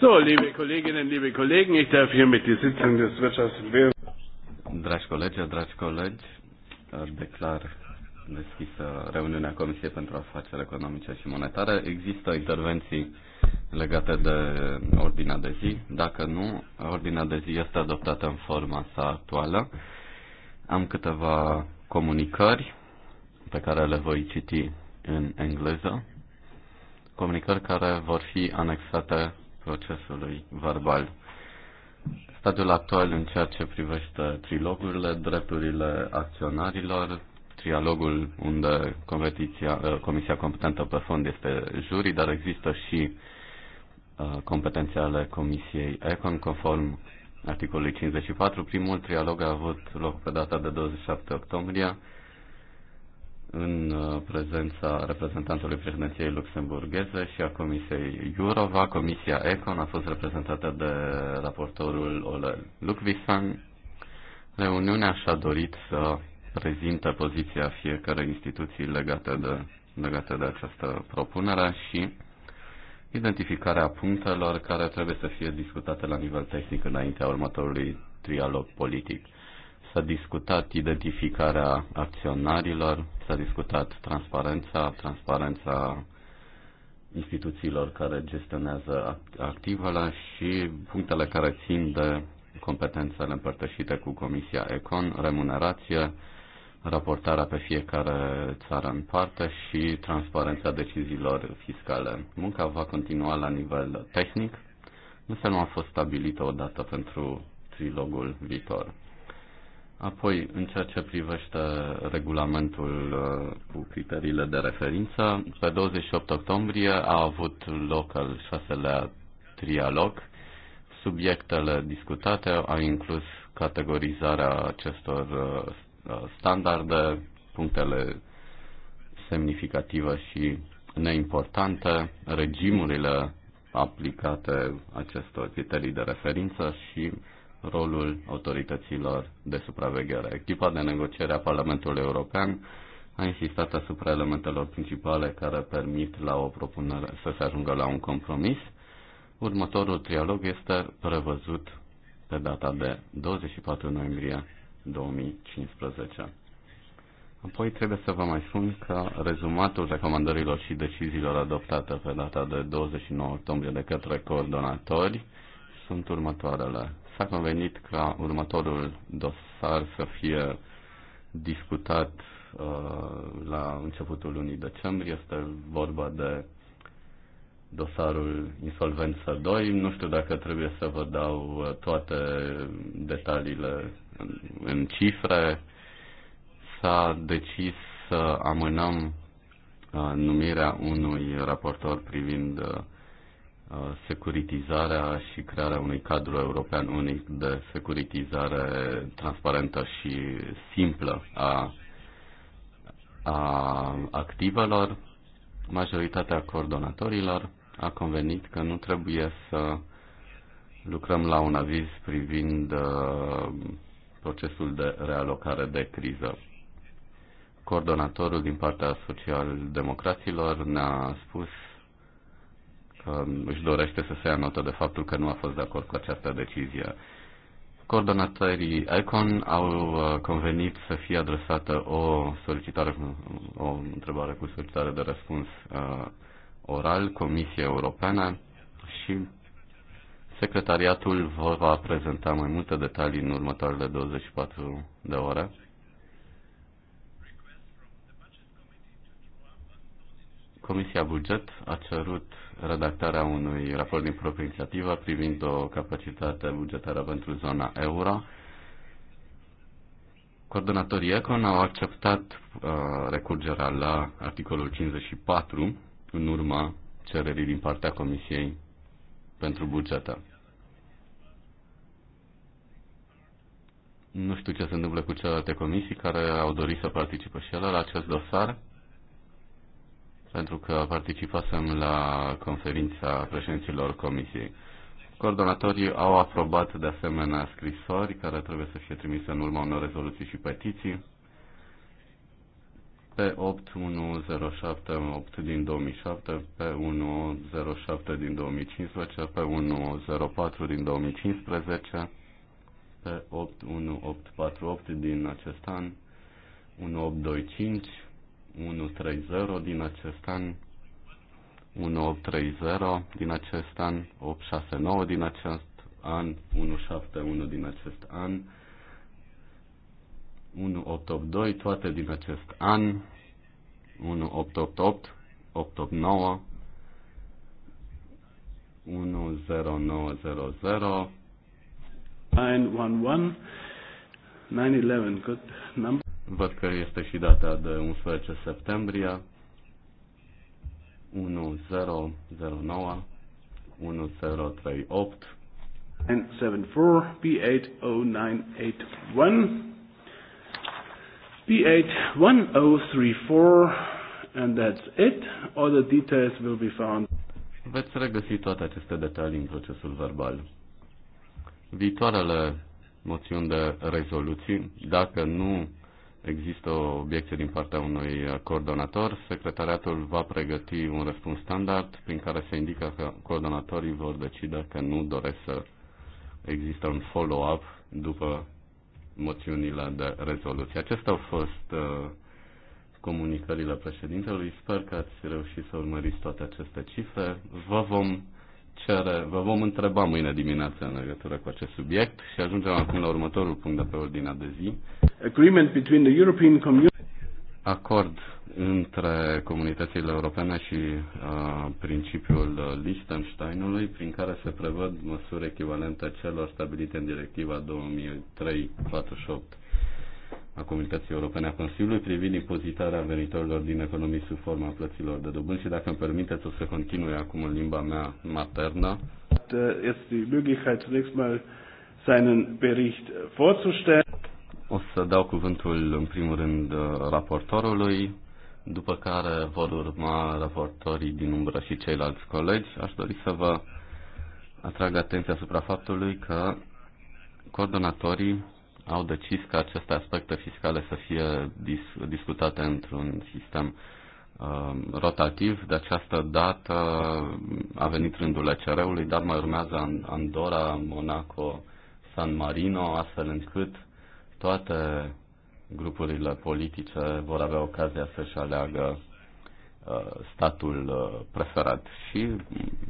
So, liebe Kolleginnen, liebe Kollegen, ich darf mit die Sitzung des Wirtschafts- Dragi colegi, dragi colegi, uh, declar deschisă reuniunea Comisiei pentru Afaceri Economice și Monetare. Există intervenții legate de ordinea de zi. Dacă nu, ordinea de zi este adoptată în forma sa actuală. Am câteva comunicări pe care le voi citi în engleză, comunicări care vor fi anexate procesului verbal. Stadiul actual în ceea ce privește trilogurile, drepturile acționarilor, trialogul unde uh, Comisia Competentă pe Fond este jurii, dar există și uh, competențe ale Comisiei ECON, conform articolului 54. Primul trialog a avut loc pe data de 27 octombrie în uh, prezența reprezentantului președinției luxemburgheze și a Comisiei Jurova. Comisia Econ a fost reprezentată de raportorul Ole Lukvisan. Reuniunea și-a dorit să prezintă poziția fiecărei instituții legate de, legate de această propunere și identificarea punctelor care trebuie să fie discutate la nivel tehnic înaintea următorului trialog politic. S-a discutat identificarea acționarilor, s-a discutat transparența, transparența instituțiilor care gestionează activele și punctele care țin de competențele împărtășite cu Comisia Econ, remunerație, raportarea pe fiecare țară în parte și transparența deciziilor fiscale. Munca va continua la nivel tehnic, însă nu a fost stabilită o dată pentru trilogul viitor. Apoi, în ceea ce privește regulamentul uh, cu criteriile de referință, pe 28 octombrie a avut loc al șaselea trialog. Subiectele discutate au inclus categorizarea acestor uh, standarde, punctele semnificative și neimportante, regimurile aplicate acestor criterii de referință și rolul autorităților de supraveghere. Echipa de negociere a Parlamentului European a insistat asupra elementelor principale care permit la o propunere să se ajungă la un compromis. Următorul trialog este prevăzut pe data de 24 noiembrie 2015. Apoi trebuie să vă mai spun că rezumatul recomandărilor și deciziilor adoptate pe data de 29 octombrie de către coordonatori sunt următoarele. S-a convenit ca următorul dosar să fie discutat uh, la începutul lunii decembrie. Este vorba de dosarul Insolvență 2. Nu știu dacă trebuie să vă dau uh, toate detaliile în, în cifre. S-a decis să amânăm uh, numirea unui raportor privind uh, Uh, securitizarea și crearea unui cadru european unic de securitizare transparentă și simplă a, a activelor, majoritatea coordonatorilor a convenit că nu trebuie să lucrăm la un aviz privind uh, procesul de realocare de criză. Coordonatorul din partea social-democraților ne-a spus își dorește să se ia notă de faptul că nu a fost de acord cu această decizie. Coordonatorii ICON au uh, convenit să fie adresată o solicitare, o întrebare cu solicitare de răspuns uh, oral Comisiei Europene și secretariatul vă va prezenta mai multe detalii în următoarele 24 de ore Comisia Buget a cerut redactarea unui raport din proprie inițiativă privind o capacitate bugetară pentru zona euro. Coordonatorii ECON au acceptat uh, recurgerea la articolul 54 în urma cererii din partea Comisiei pentru bugetă. Nu știu ce se întâmplă cu celelalte comisii care au dorit să participe și ele la acest dosar pentru că participasem la conferința președinților comisiei. Coordonatorii au aprobat de asemenea scrisori care trebuie să fie trimise în urma unor rezoluții și petiții. Pe 8107 din 2007, pe 107 din 2015, pe 104 din 2015, pe 81848 din acest an, 1825, 130 din acest an, 1830 din acest an, 869 din acest an, 171 din acest an, 1882 toate din acest an, 1888, 889, 10900, 911, 911, good number. Văd că este și data de 11 septembrie 1009 1038 74 B80981 B81034 and that's it. All the details will be found. Veți regăsi toate aceste detalii în procesul verbal. Viitoarele moțiuni de rezoluții, dacă nu există o obiecție din partea unui coordonator, secretariatul va pregăti un răspuns standard prin care se indică că coordonatorii vor decide că nu doresc să există un follow-up după moțiunile de rezoluție. Acestea au fost uh, comunicările președintelui. Sper că ați reușit să urmăriți toate aceste cifre. Vă vom cere, vă vom întreba mâine dimineață în legătură cu acest subiect și ajungem acum la următorul punct de pe ordinea de zi. Agreement between the European acord între comunitățile europene și uh, principiul Liechtensteinului, prin care se prevăd măsuri echivalente celor stabilite în directiva 2003-48 a Comunității Europene a Consiliului privind impozitarea venitorilor din economii sub forma plăților de dobândi și dacă îmi permiteți o să continui acum în limba mea maternă. Da, este O să dau cuvântul în primul rând raportorului, după care vor urma raportorii din umbră și ceilalți colegi. Aș dori să vă atrag atenția asupra faptului că coordonatorii au decis ca aceste aspecte fiscale să fie dis- discutate într-un sistem uh, rotativ. De această dată a venit rândul ECR-ului, dar mai urmează Andorra, Monaco, San Marino, astfel încât toate grupurile politice vor avea ocazia să-și aleagă uh, statul uh, preferat. Și,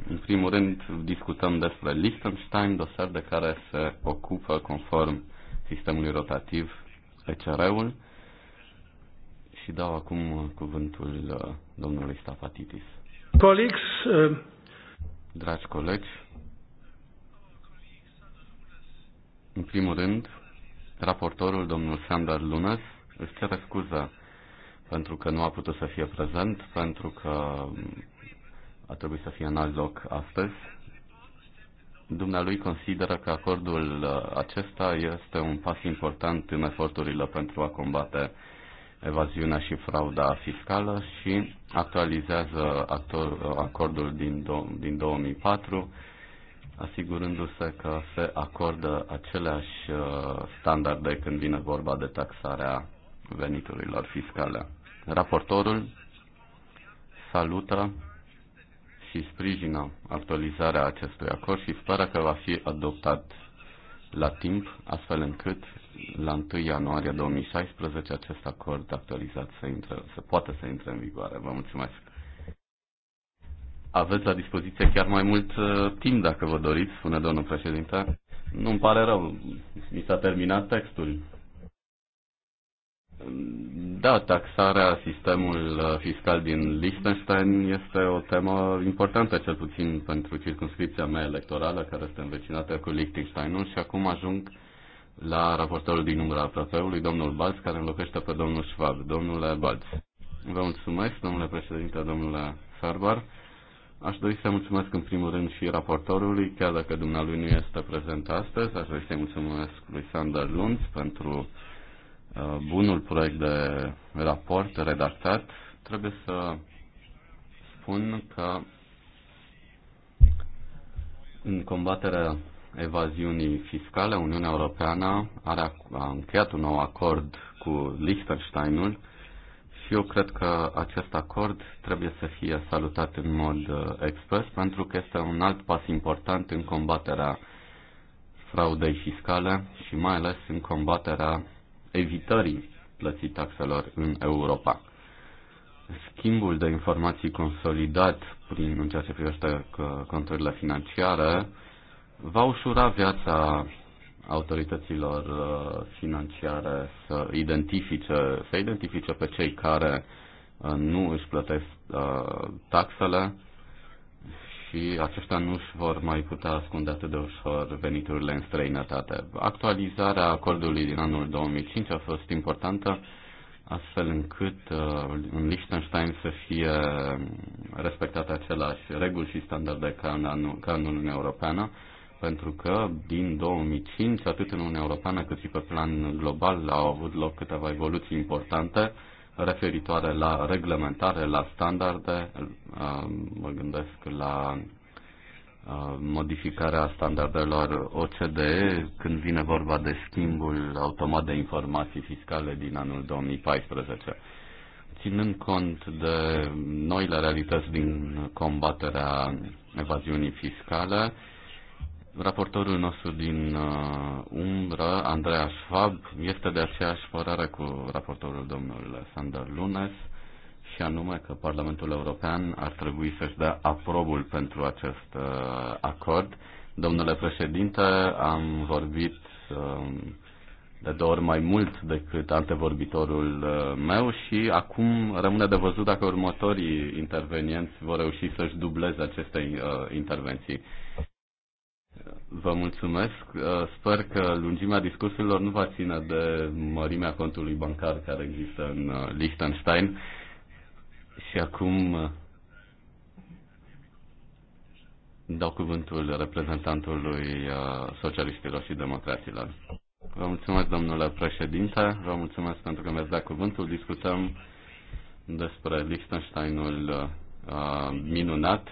în primul rând, discutăm despre Liechtenstein, dosar de care se ocupă conform sistemului rotativ, ECR-ul, și dau acum uh, cuvântul uh, domnului Stafatitis. Colegi, uh, dragi colegi, în primul rând, raportorul, domnul Sander Lunas își cere scuză pentru că nu a putut să fie prezent, pentru că mm, a trebuit să fie în alt loc astăzi. Dumnealui consideră că acordul uh, acesta este un pas important în eforturile pentru a combate evaziunea și frauda fiscală și actualizează uh, acordul din, do- din 2004, asigurându-se că se acordă aceleași uh, standarde când vine vorba de taxarea veniturilor fiscale. Raportorul salută și sprijină actualizarea acestui acord și speră că va fi adoptat la timp, astfel încât la 1 ianuarie 2016 acest acord actualizat să, intre, să poată să intre în vigoare. Vă mulțumesc! Aveți la dispoziție chiar mai mult uh, timp, dacă vă doriți, spune domnul președinte. Nu-mi pare rău, mi s-a terminat textul. Da, taxarea sistemul uh, fiscal din Liechtenstein este o temă importantă, cel puțin pentru circunscripția mea electorală, care este învecinată cu Liechtensteinul și acum ajung la raportorul din numărul app domnul Balz, care înlocuiește pe domnul Schwab. Domnule Balz, vă mulțumesc, domnule președinte, domnule Ferbar. Aș dori să mulțumesc în primul rând și raportorului, chiar dacă dumnealui nu este prezent astăzi, aș dori să-i mulțumesc lui Sander Lunds pentru Uh, bunul proiect de raport redactat, trebuie să spun că în combaterea evaziunii fiscale, Uniunea Europeană are, a încheiat un nou acord cu Liechtensteinul și eu cred că acest acord trebuie să fie salutat în mod uh, expres pentru că este un alt pas important în combaterea fraudei fiscale și mai ales în combaterea evitării plății taxelor în Europa. Schimbul de informații consolidat prin în ceea ce privește conturile financiare va ușura viața autorităților uh, financiare să identifice, să identifice pe cei care uh, nu își plătesc uh, taxele și aceștia nu își vor mai putea ascunde atât de ușor veniturile în străinătate. Actualizarea acordului din anul 2005 a fost importantă, astfel încât în uh, Liechtenstein să fie respectate același reguli și standarde ca în, anul, ca în Uniunea Europeană, pentru că din 2005, atât în Uniunea Europeană cât și pe plan global, au avut loc câteva evoluții importante, referitoare la reglementare, la standarde, mă gândesc la modificarea standardelor OCDE când vine vorba de schimbul automat de informații fiscale din anul 2014. Ținând cont de noile realități din combaterea evaziunii fiscale, Raportorul nostru din uh, umbră, Andreea Schwab, este de aceeași părere cu raportorul domnul Sander Lunes și anume că Parlamentul European ar trebui să-și dea aprobul pentru acest uh, acord. Domnule președinte, am vorbit uh, de două ori mai mult decât antevorbitorul uh, meu și acum rămâne de văzut dacă următorii intervenienți vor reuși să-și dubleze aceste uh, intervenții. Vă mulțumesc. Uh, sper că lungimea discursurilor nu va ține de mărimea contului bancar care există în uh, Liechtenstein. Și acum uh, dau cuvântul reprezentantului socialiștilor și democraților. Vă mulțumesc, domnule președinte, vă mulțumesc pentru că mi-ați dat cuvântul. Discutăm despre Liechtensteinul minunat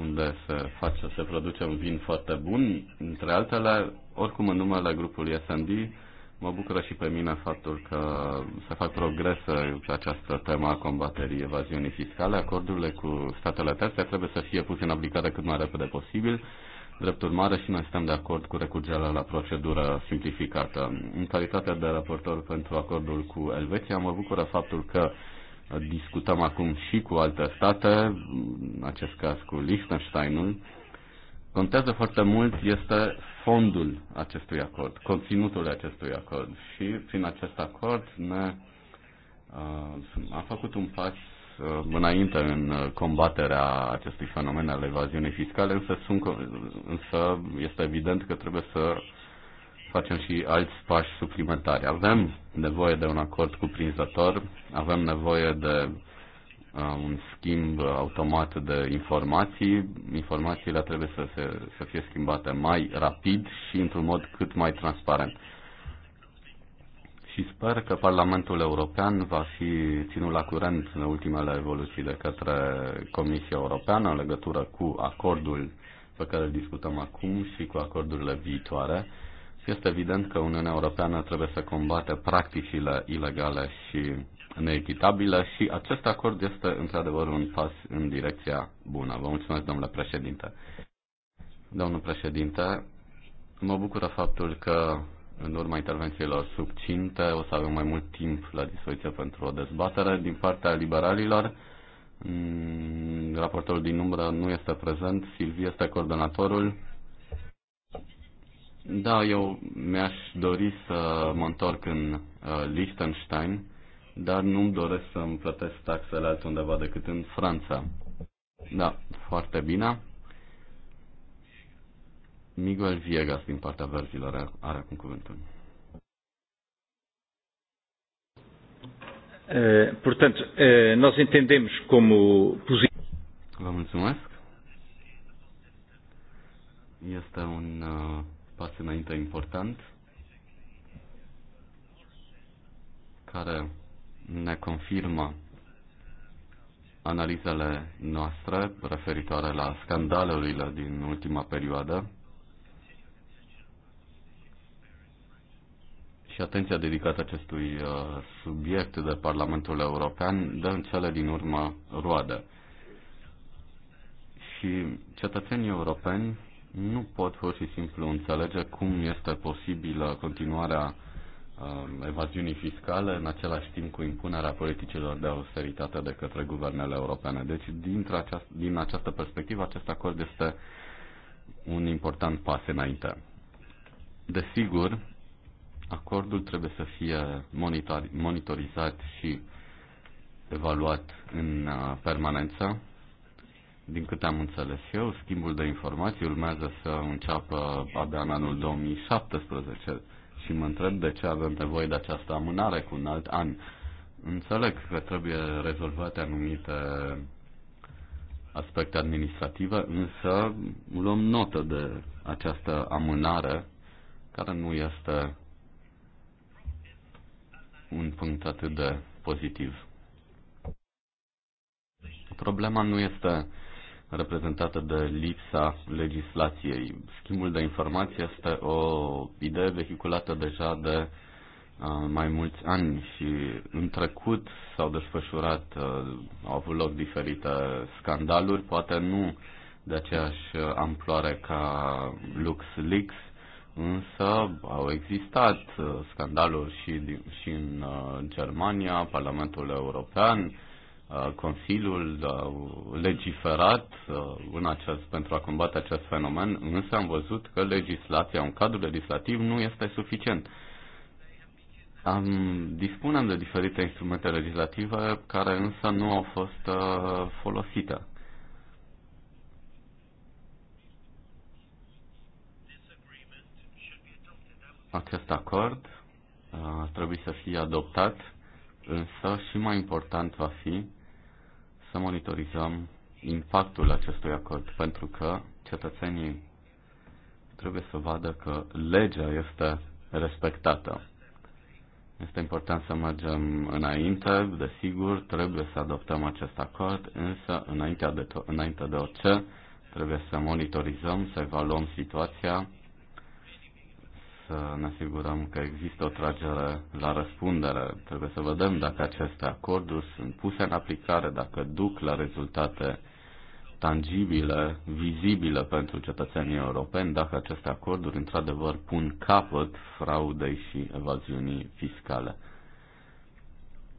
unde se face, se produce un vin foarte bun, între altele, oricum în numele grupului S&D, mă bucură și pe mine faptul că se fac progrese pe această temă a combaterii evaziunii fiscale. Acordurile cu statele terțe trebuie să fie puse în aplicare cât mai repede posibil. Drept urmare, și noi suntem de acord cu recurgerea la procedură simplificată. În calitate de raportor pentru acordul cu Elveția, mă bucură faptul că discutăm acum și cu alte state, în acest caz cu Liechtensteinul, contează foarte mult este fondul acestui acord, conținutul acestui acord și prin acest acord ne uh, a făcut un pas uh, înainte în combaterea acestui fenomen al evaziunii fiscale, însă, sunt, însă este evident că trebuie să facem și alți pași suplimentari. Avem nevoie de un acord cuprinzător, avem nevoie de uh, un schimb automat de informații. Informațiile trebuie să, se, să fie schimbate mai rapid și într-un mod cât mai transparent. Și sper că Parlamentul European va fi ținut la curent în ultimele evoluții de către Comisia Europeană în legătură cu acordul pe care îl discutăm acum și cu acordurile viitoare este evident că Uniunea Europeană trebuie să combate practicile ilegale și neechitabile și acest acord este într-adevăr un pas în direcția bună. Vă mulțumesc, domnule președinte. Domnul președinte, mă bucură faptul că în urma intervențiilor subcinte o să avem mai mult timp la dispoziție pentru o dezbatere din partea liberalilor. Mm, raportorul din umbră nu este prezent, Silvi este coordonatorul da, eu mi-aș dori să mă întorc în uh, Liechtenstein, dar nu-mi doresc să-mi plătesc taxele altundeva decât în Franța. Da, foarte bine. Miguel Viegas din partea verzilor are, are acum cuvântul. Uh, portanto, uh, nós entendemos como positivo. Vă mulțumesc. Este un uh, pas înainte important care ne confirmă analizele noastre referitoare la scandalurile din ultima perioadă și atenția dedicată acestui uh, subiect de Parlamentul European dă în cele din urmă roade. Și cetățenii europeni nu pot pur și simplu înțelege cum este posibilă continuarea uh, evaziunii fiscale în același timp cu impunerea politicilor de austeritate de către guvernele europene. Deci, dintre aceast- din această perspectivă, acest acord este un important pas înainte. Desigur, acordul trebuie să fie monitor- monitorizat și evaluat în uh, permanență din câte am înțeles eu, schimbul de informații urmează să înceapă abia în anul 2017 și mă întreb de ce avem nevoie de această amânare cu un alt an. Înțeleg că trebuie rezolvate anumite aspecte administrative, însă luăm notă de această amânare care nu este un punct atât de pozitiv. Problema nu este reprezentată de lipsa legislației. Schimbul de informații este o idee vehiculată deja de uh, mai mulți ani și în trecut s-au desfășurat, uh, au avut loc diferite scandaluri, poate nu de aceeași amploare ca LuxLeaks, însă au existat uh, scandaluri și, și în Germania, Parlamentul European, Uh, Consiliul uh, legiferat uh, în acest, pentru a combate acest fenomen, însă am văzut că legislația, un cadru legislativ nu este suficient. Am, dispunem de diferite instrumente legislative care însă nu au fost folosite. Acest acord ar trebui să fie adoptat, însă și mai important va fi să monitorizăm impactul acestui acord, pentru că cetățenii trebuie să vadă că legea este respectată. Este important să mergem înainte, desigur, trebuie să adoptăm acest acord, însă înainte de, to- înainte de orice trebuie să monitorizăm, să evaluăm situația să ne asigurăm că există o tragere la răspundere. Trebuie să vedem dacă aceste acorduri sunt puse în aplicare, dacă duc la rezultate tangibile, vizibile pentru cetățenii europeni, dacă aceste acorduri într-adevăr pun capăt fraudei și evaziunii fiscale.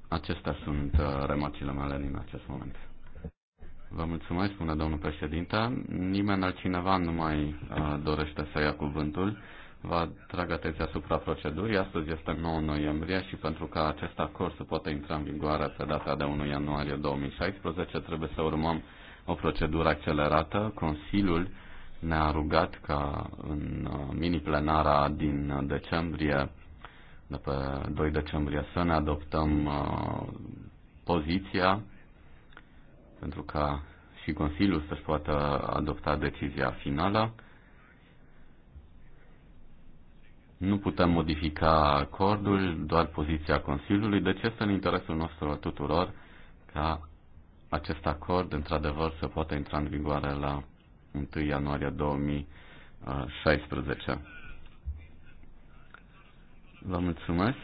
Acestea sunt uh, remarcile mele din acest moment. Vă mulțumesc, spune domnul președinte. Nimeni altcineva nu mai uh, dorește să ia cuvântul. Vă atrag atenția asupra procedurii. Astăzi este 9 noiembrie și pentru ca acest acord să poată intra în vigoare pe data de 1 ianuarie 2016, trebuie să urmăm o procedură accelerată. Consiliul ne-a rugat ca în uh, mini-plenara din decembrie, de pe 2 decembrie, să ne adoptăm uh, poziția pentru ca și Consiliul să-și poată adopta decizia finală. Nu putem modifica acordul, doar poziția Consiliului, deci este în interesul nostru a tuturor ca acest acord, într-adevăr, să poată intra în vigoare la 1 ianuarie 2016. Vă mulțumesc.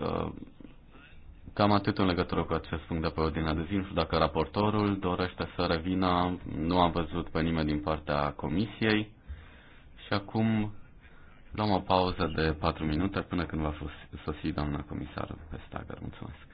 Uh, cam atât în legătură cu acest punct de pe ordinea de zi. Nu știu dacă raportorul dorește să revină. Nu am văzut pe nimeni din partea comisiei. Și acum Luăm o pauză de 4 minute până când va sosi doamna comisară pe Vestager. Mulțumesc.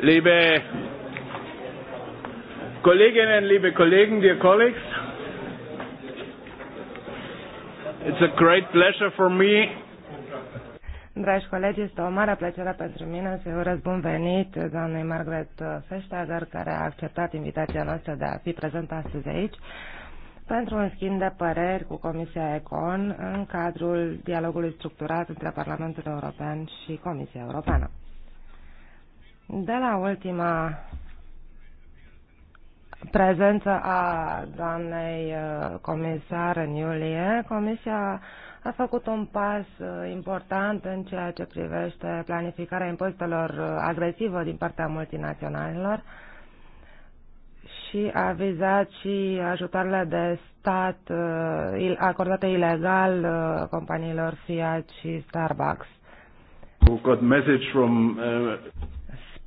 Liebe Kolleginnen, liebe Kollegen, dear colleagues, it's a great pleasure for me. Dragi colegi, este o mare plăcere pentru mine să vă urez bun venit doamnei Margaret Feștager, care a acceptat invitația noastră de a fi prezent astăzi aici pentru un schimb de păreri cu Comisia Econ în cadrul dialogului structurat între Parlamentul European și Comisia Europeană. De la ultima prezență a doamnei uh, comisar în iulie, Comisia a făcut un pas uh, important în ceea ce privește planificarea impozitelor uh, agresivă din partea multinaționalilor și a vizat și ajutoarele de stat acordate ilegal companiilor Fiat și Starbucks. Got message from, uh...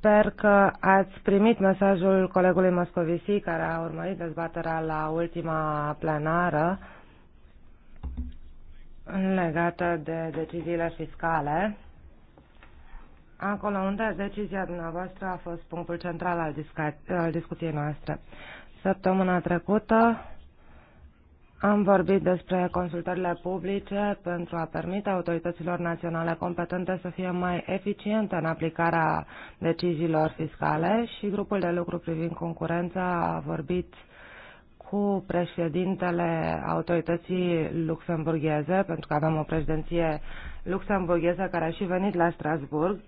Sper că ați primit mesajul colegului Moscovici care a urmărit dezbaterea la ultima plenară legată de deciziile fiscale, acolo unde decizia dumneavoastră a fost punctul central al, discu al discuției noastre. Săptămâna trecută am vorbit despre consultările publice pentru a permite autorităților naționale competente să fie mai eficiente în aplicarea deciziilor fiscale și grupul de lucru privind concurența a vorbit cu președintele autorității luxemburgheze, pentru că avem o președinție luxemburgheză care a și venit la Strasburg.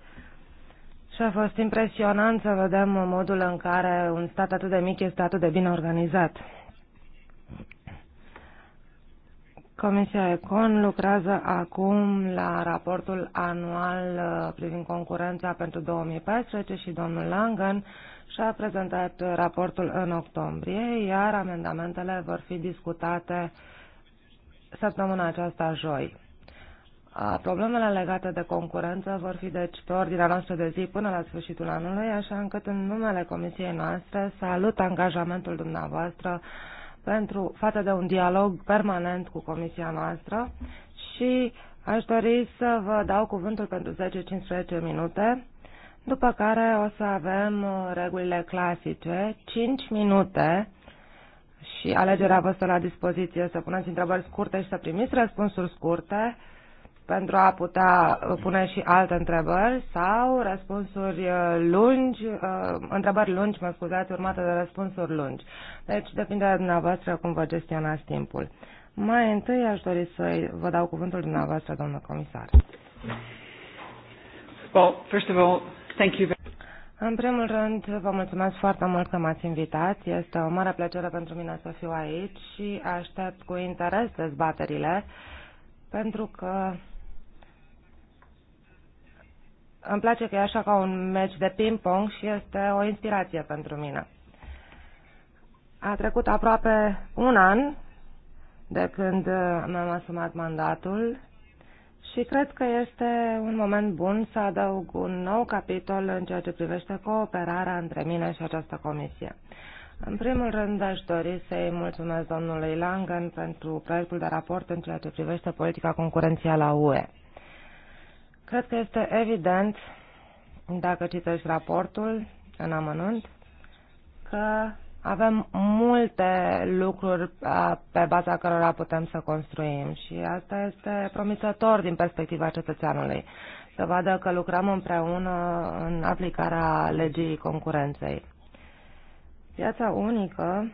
Și a fost impresionant să vedem modul în care un stat atât de mic este atât de bine organizat. Comisia Econ lucrează acum la raportul anual uh, privind concurența pentru 2014 și domnul Langen și-a prezentat uh, raportul în octombrie, iar amendamentele vor fi discutate săptămâna aceasta joi. Uh, problemele legate de concurență vor fi deci pe ordinea noastră de zi până la sfârșitul anului, așa încât în numele comisiei noastre salut angajamentul dumneavoastră pentru, față de un dialog permanent cu comisia noastră și aș dori să vă dau cuvântul pentru 10-15 minute, după care o să avem uh, regulile clasice, 5 minute și alegerea vă stă la dispoziție să puneți întrebări scurte și să primiți răspunsuri scurte pentru a putea uh, pune și alte întrebări sau răspunsuri uh, lungi, uh, întrebări lungi, mă scuzați, urmate de răspunsuri lungi. Deci depinde de dumneavoastră cum vă gestionați timpul. Mai întâi aș dori să vă dau cuvântul dumneavoastră, domnul comisar. Well, first of all, thank you very în primul rând, vă mulțumesc foarte mult că m-ați invitat. Este o mare plăcere pentru mine să fiu aici și aștept cu interes dezbaterile, pentru că îmi place că e așa ca un meci de ping-pong și este o inspirație pentru mine. A trecut aproape un an de când uh, mi-am asumat mandatul și cred că este un moment bun să adaug un nou capitol în ceea ce privește cooperarea între mine și această comisie. În primul rând, aș dori să-i mulțumesc domnului Langen pentru proiectul de raport în ceea ce privește politica concurențială a UE. Cred că este evident, dacă citești raportul în amănunt, că avem multe lucruri pe baza cărora putem să construim și asta este promițător din perspectiva cetățeanului, să vadă că lucrăm împreună în aplicarea legii concurenței. Piața unică,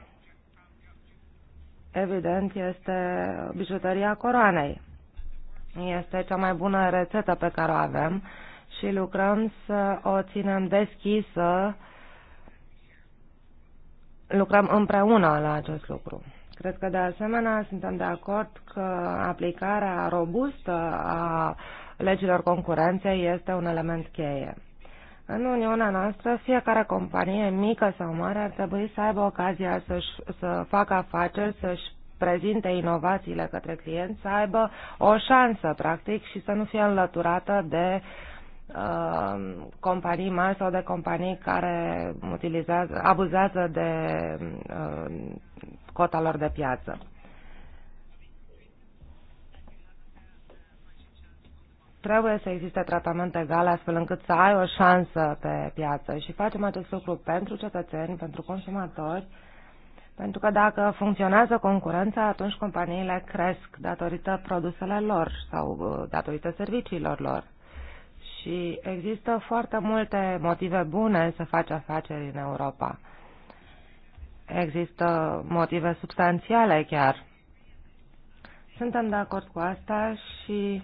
evident, este bijuteria coroanei este cea mai bună rețetă pe care o avem și lucrăm să o ținem deschisă, lucrăm împreună la acest lucru. Cred că de asemenea suntem de acord că aplicarea robustă a legilor concurenței este un element cheie. În Uniunea noastră, fiecare companie, mică sau mare, ar trebui să aibă ocazia să, să facă afaceri, să-și prezinte inovațiile către client să aibă o șansă, practic, și să nu fie înlăturată de uh, companii mari sau de companii care utilizează, abuzează de uh, cota lor de piață. trebuie să existe tratament egal astfel încât să ai o șansă pe piață și facem acest lucru pentru cetățeni, pentru consumatori pentru că dacă funcționează concurența, atunci companiile cresc datorită produselor lor sau uh, datorită serviciilor lor. Și există foarte multe motive bune să faci afaceri în Europa. Există motive substanțiale chiar. Suntem de acord cu asta și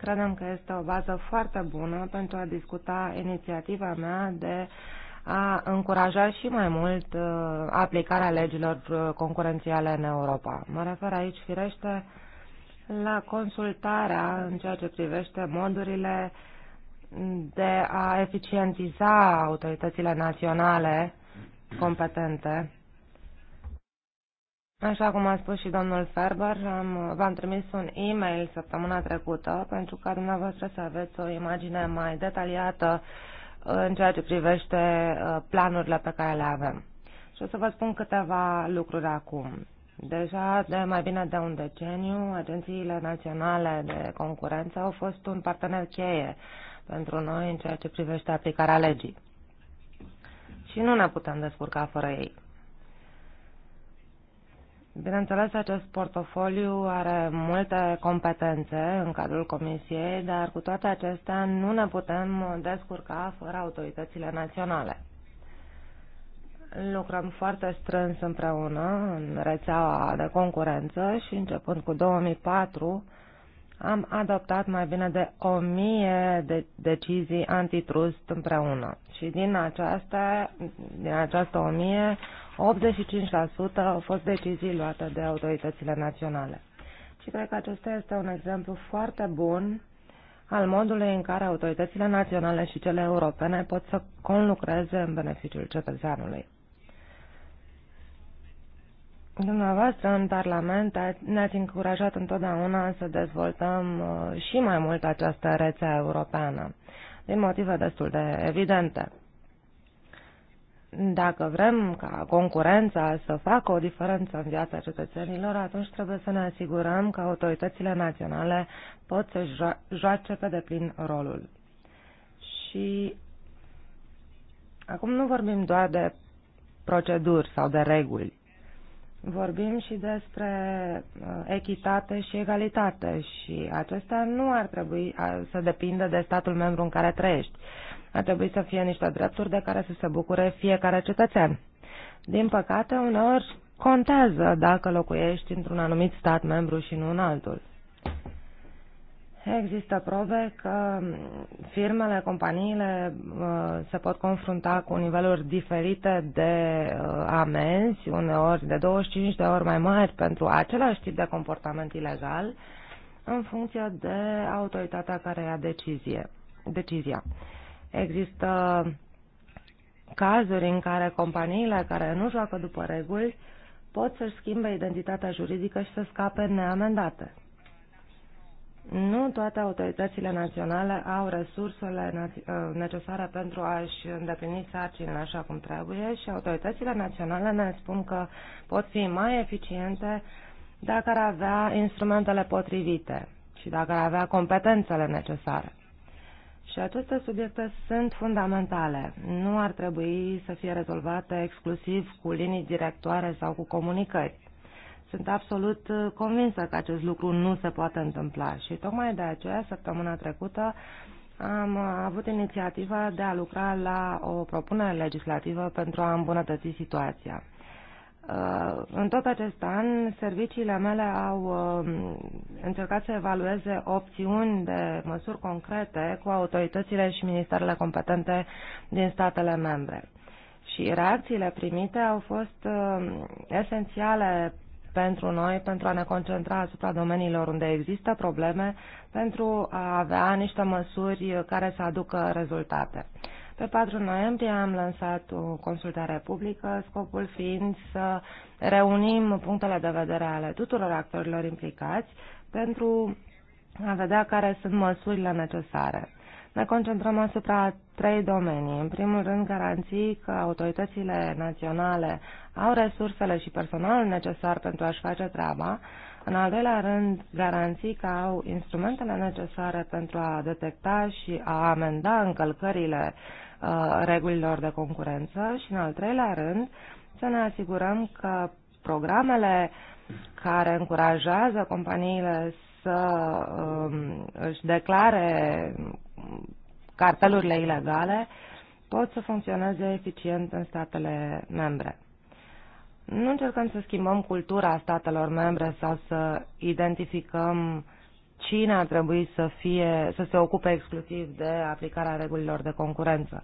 credem că este o bază foarte bună pentru a discuta inițiativa mea de a încuraja și mai mult uh, aplicarea legilor uh, concurențiale în Europa. Mă refer aici, firește, la consultarea în ceea ce privește modurile de a eficientiza autoritățile naționale competente. Așa cum a spus și domnul Ferber, am, v-am trimis un e-mail săptămâna trecută pentru ca dumneavoastră să aveți o imagine mai detaliată uh, în ceea ce privește uh, planurile pe care le avem. Și o să vă spun câteva lucruri acum. Deja de mai bine de un deceniu, agențiile naționale de concurență au fost un partener cheie pentru noi în ceea ce privește aplicarea legii. Și nu ne putem descurca fără ei. Bineînțeles, acest portofoliu are multe competențe în cadrul Comisiei, dar cu toate acestea nu ne putem descurca fără autoritățile naționale. Lucrăm foarte strâns împreună în rețeaua de concurență și începând cu 2004 am adoptat mai bine de o mie de decizii antitrust împreună. Și din aceasta, din această o mie, 85% au fost decizii luate de autoritățile naționale. Și cred că acesta este un exemplu foarte bun al modului în care autoritățile naționale și cele europene pot să conlucreze în beneficiul cetățeanului. Dumneavoastră, în Parlament, ne-ați încurajat întotdeauna să dezvoltăm uh, și mai mult această rețea europeană, din motive destul de evidente. Dacă vrem ca concurența să facă o diferență în viața cetățenilor, atunci trebuie să ne asigurăm că autoritățile naționale pot să joace pe deplin rolul. Și acum nu vorbim doar de proceduri sau de reguli, vorbim și despre uh, echitate și egalitate și acestea nu ar trebui să depindă de statul membru în care trăiești. Ar trebui să fie niște drepturi de care să se bucure fiecare cetățean. Din păcate, uneori contează dacă locuiești într-un anumit stat membru și nu în altul. Există probe că firmele, companiile uh, se pot confrunta cu niveluri diferite de uh, amenzi, uneori de 25 de ori mai mari pentru același tip de comportament ilegal, în funcție de autoritatea care ia decizie, decizia. Există cazuri în care companiile care nu joacă după reguli pot să-și schimbe identitatea juridică și să scape neamendate. Nu toate autoritățile naționale au resursele uh, necesare pentru a-și îndeplini sarcinile așa cum trebuie și autoritățile naționale ne spun că pot fi mai eficiente dacă ar avea instrumentele potrivite și dacă ar avea competențele necesare. Și aceste subiecte sunt fundamentale. Nu ar trebui să fie rezolvate exclusiv cu linii directoare sau cu comunicări sunt absolut uh, convinsă că acest lucru nu se poate întâmpla și tocmai de aceea, săptămâna trecută, am uh, avut inițiativa de a lucra la o propunere legislativă pentru a îmbunătăți situația. Uh, în tot acest an, serviciile mele au încercat să evalueze opțiuni de măsuri concrete cu autoritățile și ministerele competente din statele membre. Și reacțiile primite au fost esențiale pentru noi pentru a ne concentra asupra domeniilor unde există probleme, pentru a avea niște măsuri care să aducă rezultate. Pe 4 noiembrie am lansat o consultare publică, scopul fiind să reunim punctele de vedere ale tuturor actorilor implicați pentru a vedea care sunt măsurile necesare ne concentrăm asupra trei domenii. În primul rând, garanții că autoritățile naționale au resursele și personalul necesar pentru a-și face treaba. În al doilea rând, garanții că au instrumentele necesare pentru a detecta și a amenda încălcările uh, regulilor de concurență. Și în al treilea rând, să ne asigurăm că programele care încurajează companiile să um, își declare cartelurile ilegale pot să funcționeze eficient în statele membre. Nu încercăm să schimbăm cultura statelor membre sau să identificăm cine ar trebui să, fie, să se ocupe exclusiv de aplicarea regulilor de concurență.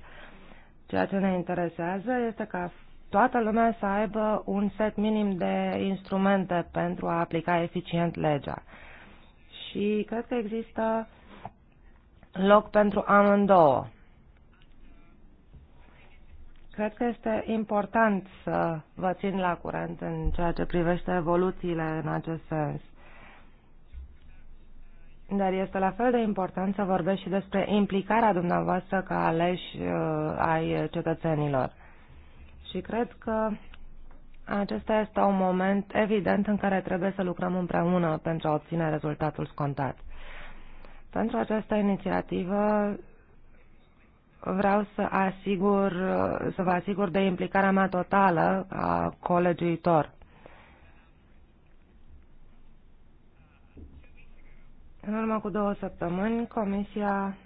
Ceea ce ne interesează este ca toată lumea să aibă un set minim de instrumente pentru a aplica eficient legea. Și cred că există loc pentru amândouă. Cred că este important să vă țin la curent în ceea ce privește evoluțiile în acest sens. Dar este la fel de important să vorbesc și despre implicarea dumneavoastră ca aleși uh, ai cetățenilor. Și cred că acesta este un moment evident în care trebuie să lucrăm împreună pentru a obține rezultatul scontat. Pentru această inițiativă vreau să, asigur, să vă asigur de implicarea mea totală a colegiuitor. În urmă cu două săptămâni, Comisia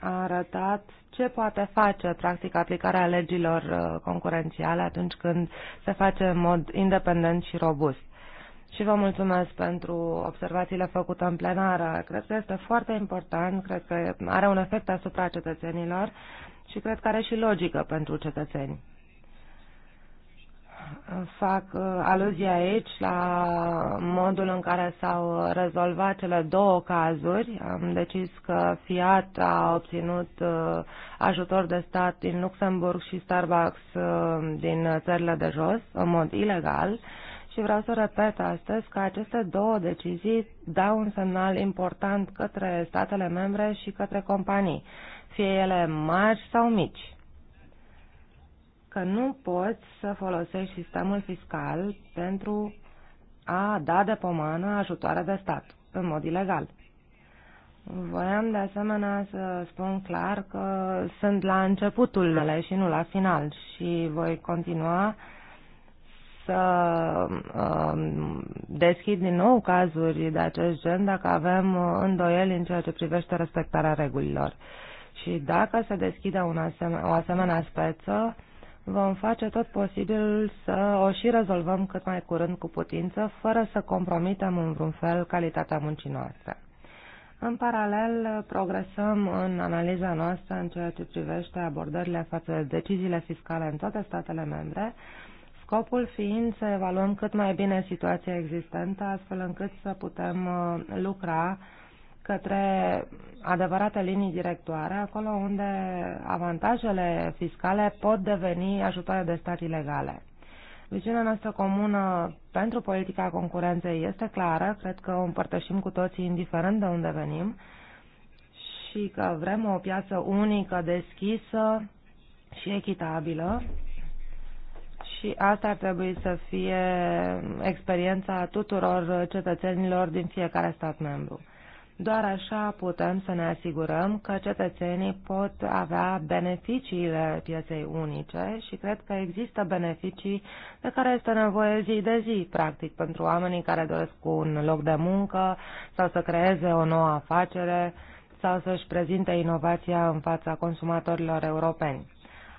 a arătat ce poate face, practic, aplicarea legilor uh, concurențiale atunci când se face în mod independent și robust și vă mulțumesc pentru observațiile făcute în plenară. Cred că este foarte important, cred că are un efect asupra cetățenilor și cred că are și logică pentru cetățeni. Fac uh, aluzie aici la modul în care s-au rezolvat cele două cazuri. Am decis că Fiat a obținut uh, ajutor de stat din Luxemburg și Starbucks uh, din țările de jos, în mod ilegal și vreau să repet astăzi că aceste două decizii dau un semnal important către statele membre și către companii, fie ele mari sau mici, că nu poți să folosești sistemul fiscal pentru a da de pomană ajutoare de stat, în mod ilegal. Voiam de asemenea să spun clar că sunt la începutul mele și nu la final și voi continua să um, deschid din nou cazuri de acest gen dacă avem îndoieli în ceea ce privește respectarea regulilor. Și dacă se deschide un asemen- o asemenea speță, vom face tot posibilul să o și rezolvăm cât mai curând cu putință, fără să compromitem în vreun fel calitatea muncii noastre. În paralel, progresăm în analiza noastră în ceea ce privește abordările față de deciziile fiscale în toate statele membre scopul fiind să evaluăm cât mai bine situația existentă, astfel încât să putem uh, lucra către adevărate linii directoare, acolo unde avantajele fiscale pot deveni ajutoare de stat ilegale. Viziunea noastră comună pentru politica concurenței este clară, cred că o împărtășim cu toții indiferent de unde venim și că vrem o piață unică, deschisă și echitabilă, și asta ar trebui să fie experiența tuturor cetățenilor din fiecare stat membru. Doar așa putem să ne asigurăm că cetățenii pot avea beneficiile pieței unice și cred că există beneficii de care este nevoie zi de zi, practic, pentru oamenii care doresc un loc de muncă sau să creeze o nouă afacere sau să-și prezinte inovația în fața consumatorilor europeni.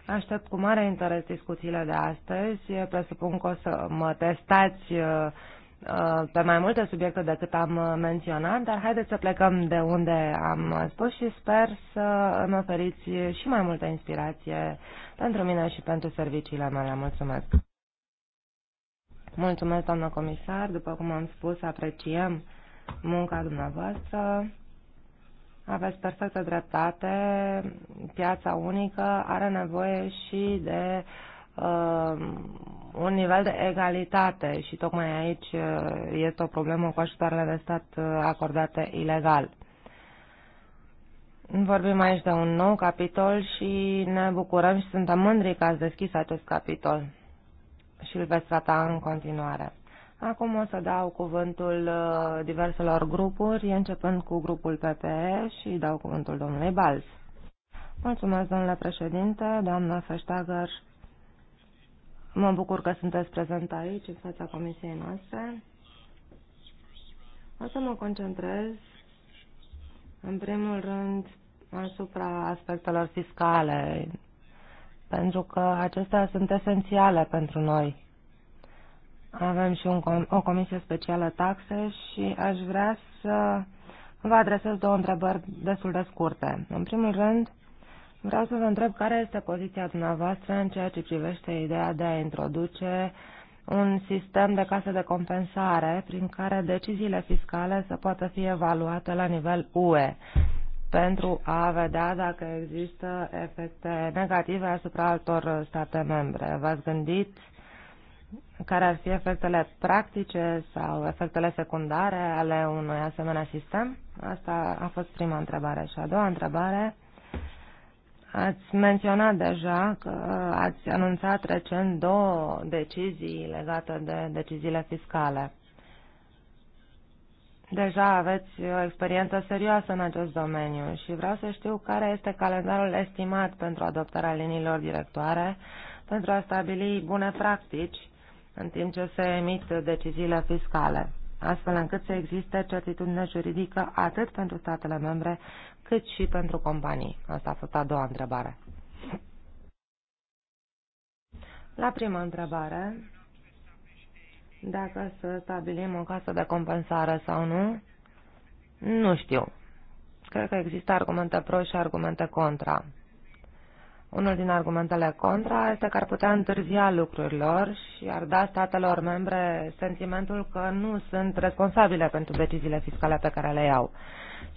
Aștept cu mare interes discuțiile de astăzi. Presupun că o să mă testați uh, uh, pe mai multe subiecte decât am uh, menționat, dar haideți să plecăm de unde am spus și sper să îmi oferiți și mai multă inspirație pentru mine și pentru serviciile mele. Mulțumesc! Mulțumesc, doamnă comisar. După cum am spus, apreciem munca dumneavoastră aveți perfectă dreptate. Piața unică are nevoie și de uh, un nivel de egalitate și tocmai aici uh, este o problemă cu ajutoarele de stat uh, acordate ilegal. Vorbim aici de un nou capitol și ne bucurăm și suntem mândri că ați deschis acest capitol și îl veți trata în continuare. Acum o să dau cuvântul uh, diverselor grupuri, începând cu grupul PPE și dau cuvântul domnului Balz. Mulțumesc, domnule președinte, doamnă Feștagăr. Mă bucur că sunteți prezent aici, în fața comisiei noastre. O să mă concentrez, în primul rând, asupra aspectelor fiscale, pentru că acestea sunt esențiale pentru noi avem și un, o comisie specială taxe și aș vrea să vă adresez două întrebări destul de scurte. În primul rând, vreau să vă întreb care este poziția dumneavoastră în ceea ce privește ideea de a introduce un sistem de casă de compensare prin care deciziile fiscale să poată fi evaluate la nivel UE pentru a vedea dacă există efecte negative asupra altor state membre. V-ați gândit uh, care ar fi efectele practice sau efectele secundare ale unui asemenea sistem? Asta a fost prima întrebare. Și a doua întrebare, ați menționat deja că ați anunțat recent două decizii legate de deciziile fiscale. Deja aveți o experiență serioasă în acest domeniu și vreau să știu care este calendarul estimat pentru adoptarea liniilor directoare pentru a stabili bune practici în timp ce se emit deciziile fiscale, astfel încât să existe certitudine juridică atât pentru statele membre cât și pentru companii. Asta a fost a doua întrebare. La prima întrebare, dacă să stabilim o casă de compensare sau nu, nu știu. Cred că există argumente pro și argumente contra. Unul din argumentele contra este că ar putea întârzia lucrurilor și ar da statelor membre sentimentul că nu sunt responsabile pentru deciziile fiscale pe care le iau.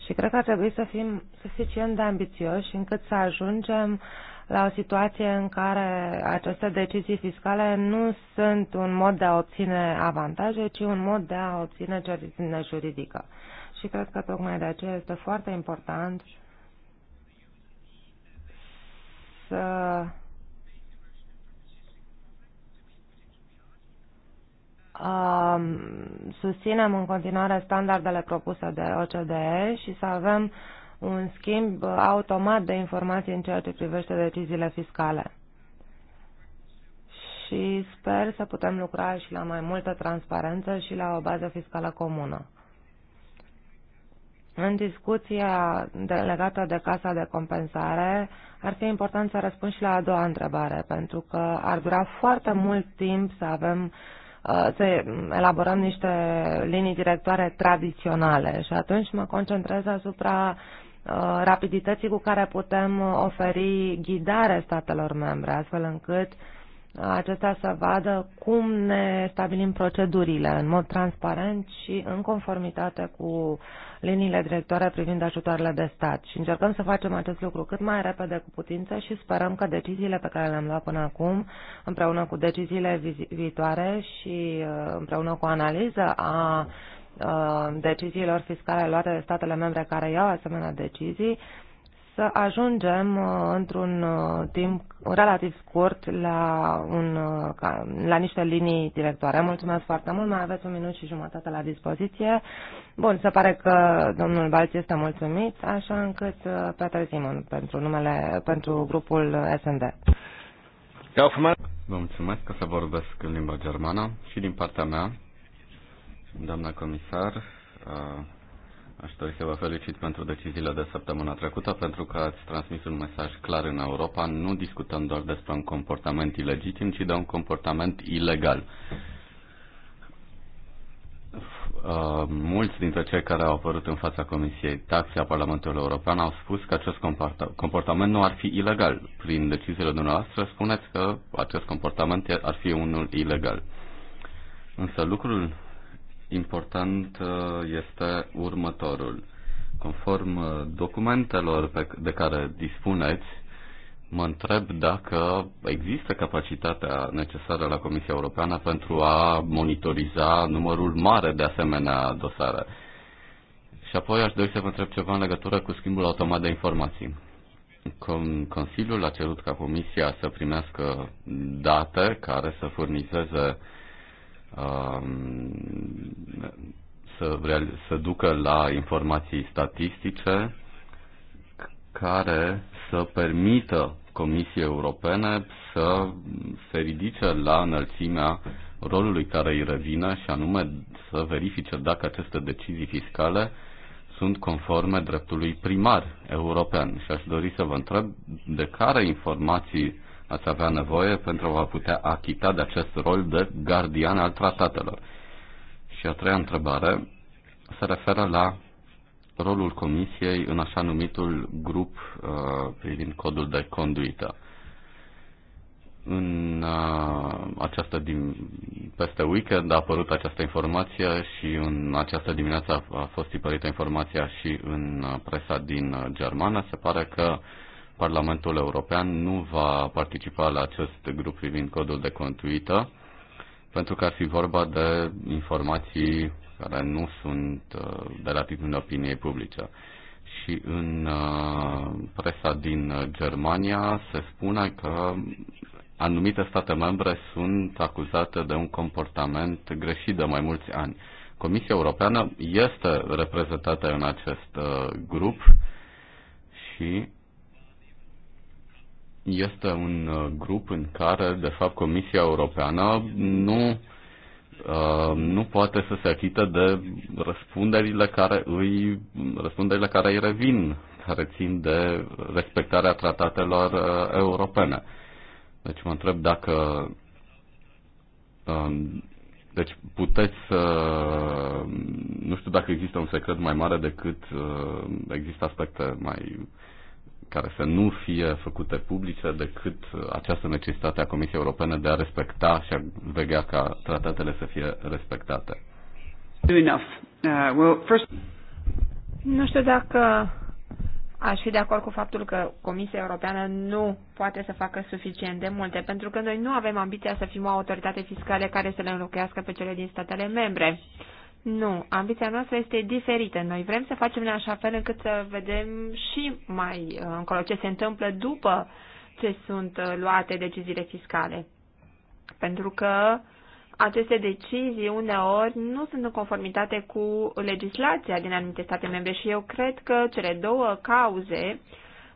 Și cred că ar trebui să fim suficient de ambițioși încât să ajungem la o situație în care aceste decizii fiscale nu sunt un mod de a obține avantaje, ci un mod de a obține certitudine juridică. Și cred că tocmai de aceea este foarte important să susținem în continuare standardele propuse de OCDE și să avem un schimb automat de informații în ceea ce privește deciziile fiscale. Și sper să putem lucra și la mai multă transparență și la o bază fiscală comună. În discuția de, legată de casa de compensare, ar fi important să răspund și la a doua întrebare, pentru că ar dura foarte mhm. mult timp să avem uh, să elaborăm niște linii directoare tradiționale și atunci mă concentrez asupra uh, rapidității cu care putem oferi ghidare statelor membre, astfel încât uh, acestea să vadă cum ne stabilim procedurile în mod transparent și în conformitate cu uh, liniile directoare privind ajutoarele de stat și încercăm să facem acest lucru cât mai repede cu putință și sperăm că deciziile pe care le-am luat până acum, împreună cu deciziile viitoare și uh, împreună cu analiza a uh, deciziilor fiscale luate de statele membre care iau asemenea decizii, să ajungem uh, într-un uh, timp relativ scurt la, un, uh, la niște linii directoare. Mulțumesc foarte mult, mai aveți un minut și jumătate la dispoziție. Bun, se pare că domnul Balci este mulțumit, așa încât Peter Simon pentru, numele, pentru grupul SND. Vă mulțumesc că să vorbesc în limba germană și din partea mea, doamna comisar, Aș dori să vă felicit pentru deciziile de săptămâna trecută, pentru că ați transmis un mesaj clar în Europa. Nu discutăm doar despre un comportament ilegitim, ci de un comportament ilegal. Uh, mulți dintre cei care au apărut în fața Comisiei Taxe a Parlamentului European au spus că acest comportament nu ar fi ilegal. Prin deciziile dumneavoastră spuneți că acest comportament ar fi unul ilegal. Însă lucrul important uh, este următorul. Conform uh, documentelor pe, de care dispuneți, mă întreb dacă există capacitatea necesară la Comisia Europeană pentru a monitoriza numărul mare de asemenea dosare. Și apoi aș dori să vă întreb ceva în legătură cu schimbul automat de informații. Consiliul a cerut ca Comisia să primească date care să furnizeze Um, să, real, să ducă la informații statistice care să permită Comisiei Europene să se ridice la înălțimea rolului care îi revine și anume să verifice dacă aceste decizii fiscale sunt conforme dreptului primar european. Și aș dori să vă întreb de care informații ați avea nevoie pentru a putea achita de acest rol de gardian al tratatelor? Și a treia întrebare se referă la rolul Comisiei în așa numitul grup uh, privind codul de conduită. În uh, această dim- peste weekend a apărut această informație și în această dimineață a, a fost tipărită informația și în uh, presa din uh, Germania. Se pare că uh, Parlamentul European nu va participa la acest grup privind codul de conduită, pentru că ar fi vorba de informații care nu sunt uh, de la titlul opiniei publice. Și în uh, presa din Germania se spune că anumite state membre sunt acuzate de un comportament greșit de mai mulți ani. Comisia Europeană este reprezentată în acest uh, grup și este un uh, grup în care, de fapt, Comisia Europeană nu, uh, nu poate să se achită de răspunderile care îi, răspunderile care îi revin, care țin de respectarea tratatelor uh, europene. Deci mă întreb dacă um, deci puteți să... Nu știu dacă există un secret mai mare decât există aspecte mai care să nu fie făcute publice decât această necesitate a Comisiei Europene de a respecta și a vegea ca tratatele să fie respectate. Uh, well, first... Nu știu dacă aș fi de acord cu faptul că Comisia Europeană nu poate să facă suficient de multe, pentru că noi nu avem ambiția să fim o autoritate fiscală care să le înlocuiască pe cele din statele membre. Uh, nu, ambiția noastră este diferită. Noi vrem să facem în așa fel încât să vedem și mai uh, încolo ce se întâmplă după ce sunt uh, luate deciziile fiscale. Pentru că aceste decizii uneori nu sunt în conformitate cu legislația din anumite state membre și eu cred că cele două cauze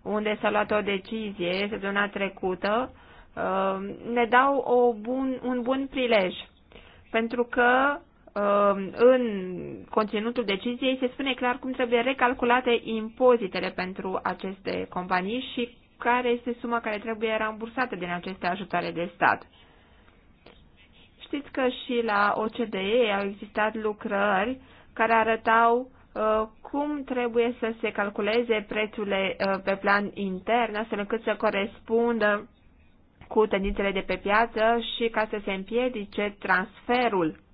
unde s-a luat o decizie sezona trecută uh, ne dau o bun, un bun prilej. Pentru că Um, în conținutul deciziei se spune clar cum trebuie recalculate impozitele pentru aceste companii și care este suma care trebuie rambursată din aceste ajutoare de stat. Știți că și la OCDE au existat lucrări care arătau uh, cum trebuie să se calculeze prețurile uh, pe plan intern, astfel încât să corespundă cu tendințele de pe piață și ca să se împiedice transferul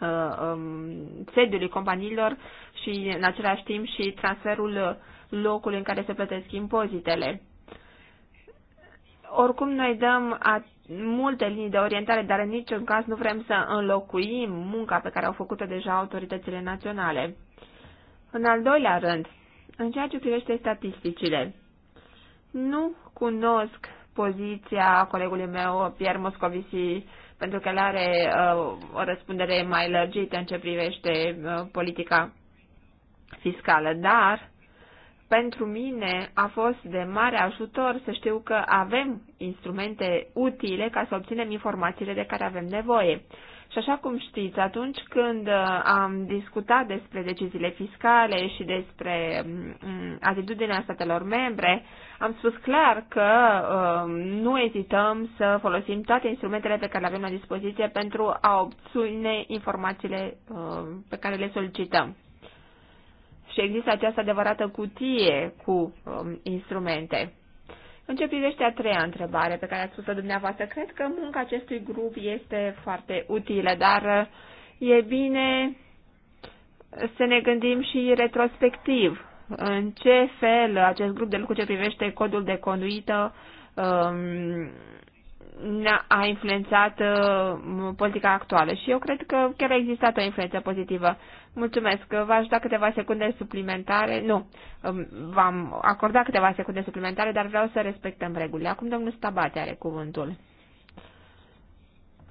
Uh, um, sediului companiilor și în același timp și transferul locului în care se plătesc impozitele. Oricum, noi dăm multe linii de orientare, dar în niciun caz nu vrem să înlocuim munca pe care au făcut-o deja autoritățile naționale. În al doilea rând, în ceea ce privește statisticile, nu cunosc poziția colegului meu, Pierre Moscovici, pentru că el are uh, o răspundere mai lărgită în ce privește uh, politica fiscală, dar pentru mine a fost de mare ajutor să știu că avem instrumente utile ca să obținem informațiile de care avem nevoie. Și așa cum știți, atunci când uh, am discutat despre deciziile fiscale și despre mm, atitudinea statelor membre, am spus clar că uh, nu ezităm să folosim toate instrumentele pe care le avem la dispoziție pentru a obține informațiile uh, pe care le solicităm. Și există această adevărată cutie cu um, instrumente. În ce privește a treia întrebare pe care ați spus-o dumneavoastră, cred că munca acestui grup este foarte utilă, dar e bine să ne gândim și retrospectiv în ce fel acest grup de lucru ce privește codul de conduită um, a influențat uh, politica actuală. Și eu cred că chiar a existat o influență pozitivă. Mulțumesc. V-aș da câteva secunde suplimentare. Nu, v-am acordat câteva secunde suplimentare, dar vreau să respectăm regulile. Acum domnul Stabate are cuvântul.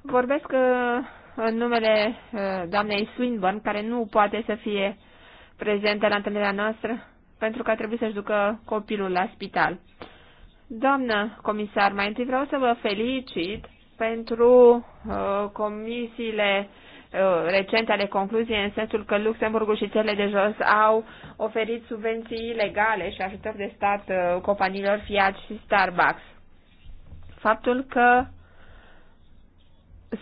Vorbesc uh, în numele uh, doamnei Swinburne, care nu poate să fie prezentă la întâlnirea noastră pentru că a trebuit să-și ducă copilul la spital. Doamnă comisar, mai întâi vreau să vă felicit pentru uh, comisiile uh, Uh, recente ale concluziei în sensul că Luxemburgul și cele de jos au oferit subvenții ilegale și ajutor de stat uh, companiilor Fiat și Starbucks. Faptul că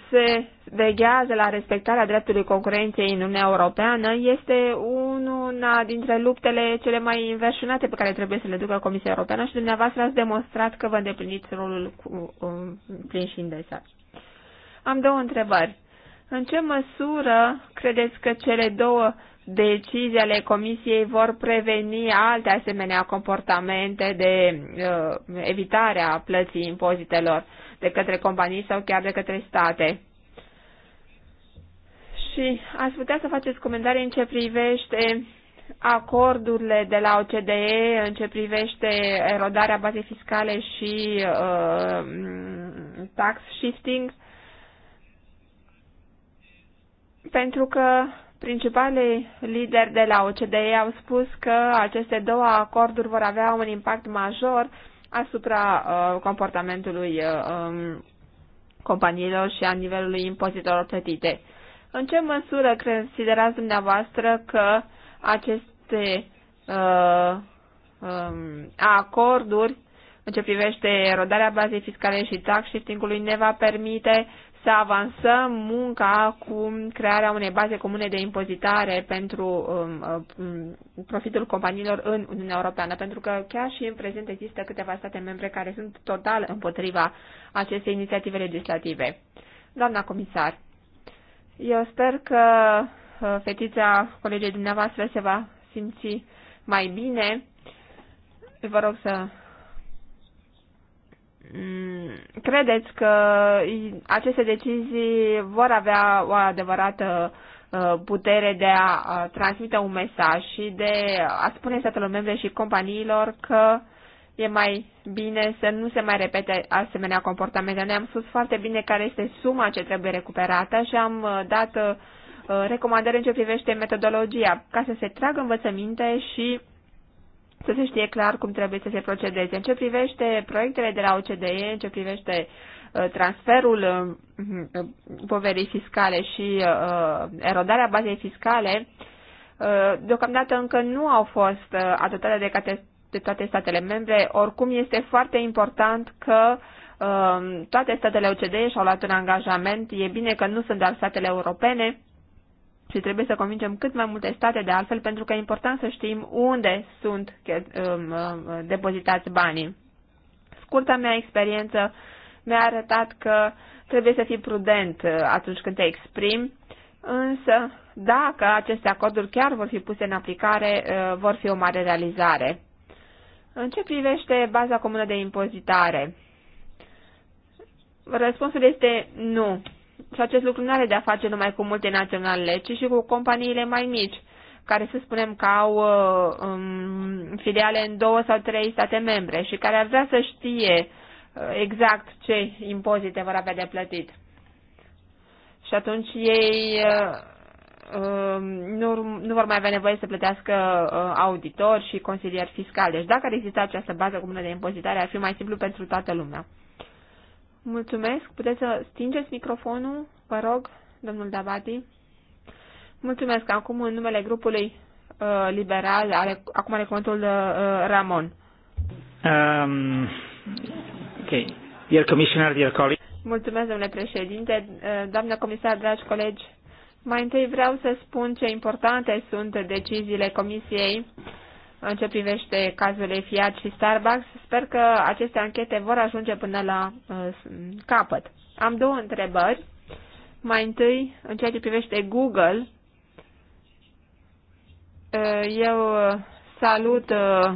se veghează la respectarea dreptului concurenței în Uniunea Europeană este una dintre luptele cele mai inversionate pe care trebuie să le ducă Comisia Europeană și dumneavoastră ați demonstrat că vă îndepliniți rolul cu, um, plin și îndesat. Am două întrebări. În ce măsură credeți că cele două decizii ale Comisiei vor preveni alte asemenea comportamente de uh, evitare a plății impozitelor de către companii sau chiar de către state? Și ați putea să faceți comentarii în ce privește acordurile de la OCDE în ce privește erodarea bazei fiscale și uh, tax shifting? Uh, pentru că principalii lideri de la OCDE au spus că aceste două acorduri vor avea un impact major asupra uh, comportamentului uh, um, companiilor și a nivelului impozitelor plătite. În ce măsură considerați dumneavoastră că aceste uh, um, acorduri în ce privește erodarea bazei fiscale și tax shifting-ului ne va permite să avansăm munca cu crearea unei baze comune de impozitare pentru um, um, profitul companiilor în Uniunea Europeană, pentru că chiar și în prezent există câteva state membre care sunt total împotriva acestei inițiative legislative. Doamna comisar, eu sper că uh, fetița colegii dumneavoastră se va simți mai bine. Vă rog să Mm, credeți că aceste decizii vor avea o adevărată uh, putere de a transmite un mesaj și de a spune statelor membre și companiilor că e mai bine să nu se mai repete asemenea comportamente. ne am spus foarte bine care este suma ce trebuie recuperată și am uh, dat uh, recomandări în ce privește metodologia, ca să se tragă învățăminte și să se știe clar cum trebuie să se procedeze. În ce privește proiectele de la OCDE, în ce privește uh, transferul uh, uh, poverii fiscale și erodarea bazei fiscale, deocamdată încă nu au fost adoptate de, cate, de toate statele membre. Oricum, este foarte important că toate statele OCDE și-au luat un angajament. E bine că nu sunt doar statele europene și trebuie să convingem cât mai multe state de altfel, pentru că e important să știm unde sunt um, um, depozitați banii. Scurta mea experiență mi-a arătat că trebuie să fii prudent uh, atunci când te exprimi, însă dacă aceste acorduri chiar vor fi puse în aplicare, uh, vor fi o mare realizare. În ce privește baza comună de impozitare? Răspunsul este nu. Și acest lucru nu are de-a face numai cu multe naționale, ci și cu companiile mai mici, care să spunem că au uh, um, filiale în două sau trei state membre și care ar vrea să știe uh, exact ce impozite vor avea de plătit. Și atunci ei uh, uh, nu, nu vor mai avea nevoie să plătească uh, auditori și consilieri fiscali. Deci dacă ar exista această bază comună de impozitare, ar fi mai simplu pentru toată lumea. Mulțumesc. Puteți să stingeți microfonul, vă rog, domnul Dabati. Mulțumesc. Acum, în numele grupului uh, liberal, are, acum are cuvântul uh, uh Ramon. Um, ok. Dear Commissioner, dear colleague. Mulțumesc, domnule președinte. Uh, doamnă comisar, dragi colegi, mai întâi vreau să spun ce importante sunt deciziile Comisiei în ce privește cazurile Fiat și Starbucks. Sper că aceste anchete vor ajunge până la uh, capăt. Am două întrebări. Mai întâi, în ceea ce privește Google, uh, eu uh, salut uh,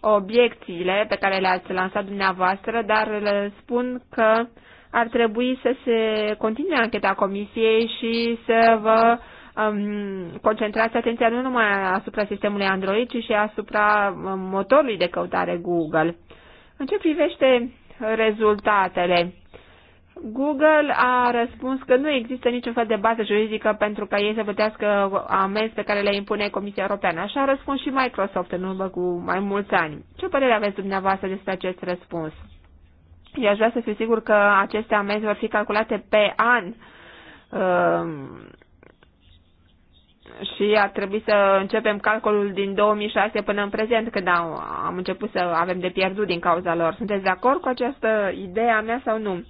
obiecțiile pe care le-ați lansat dumneavoastră, dar le spun că ar trebui să se continue ancheta comisiei și să vă uh, um, concentrați atenția nu numai asupra sistemului Android, ci și asupra um, motorului de căutare Google. În ce privește rezultatele? Google a răspuns că nu există niciun fel de bază juridică pentru ca ei să plătească amenzi pe care le impune Comisia Europeană. Așa a răspuns și Microsoft în urmă cu mai mulți ani. Ce părere aveți dumneavoastră despre acest răspuns? Eu aș vrea să fiu sigur că aceste amenzi vor fi calculate pe an um, și ar trebui să începem calculul din 2006 până în prezent, când am, am început să avem de pierdut din cauza lor. Sunteți de acord cu această idee a mea sau nu?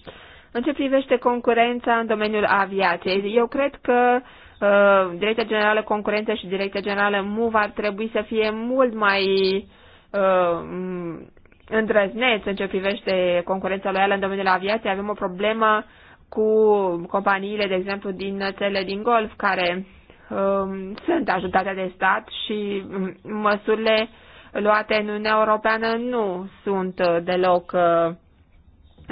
În ce privește concurența în domeniul aviației, eu cred că uh, Direcția Generală Concurență și Direcția Generală MUV ar trebui să fie mult mai uh, îndrăzneți în ce privește concurența loială în domeniul aviației. Avem o problemă cu companiile, de exemplu, din țele din Golf, care Um, sunt ajutate de stat și um, măsurile luate în Uniunea Europeană nu sunt uh, deloc uh,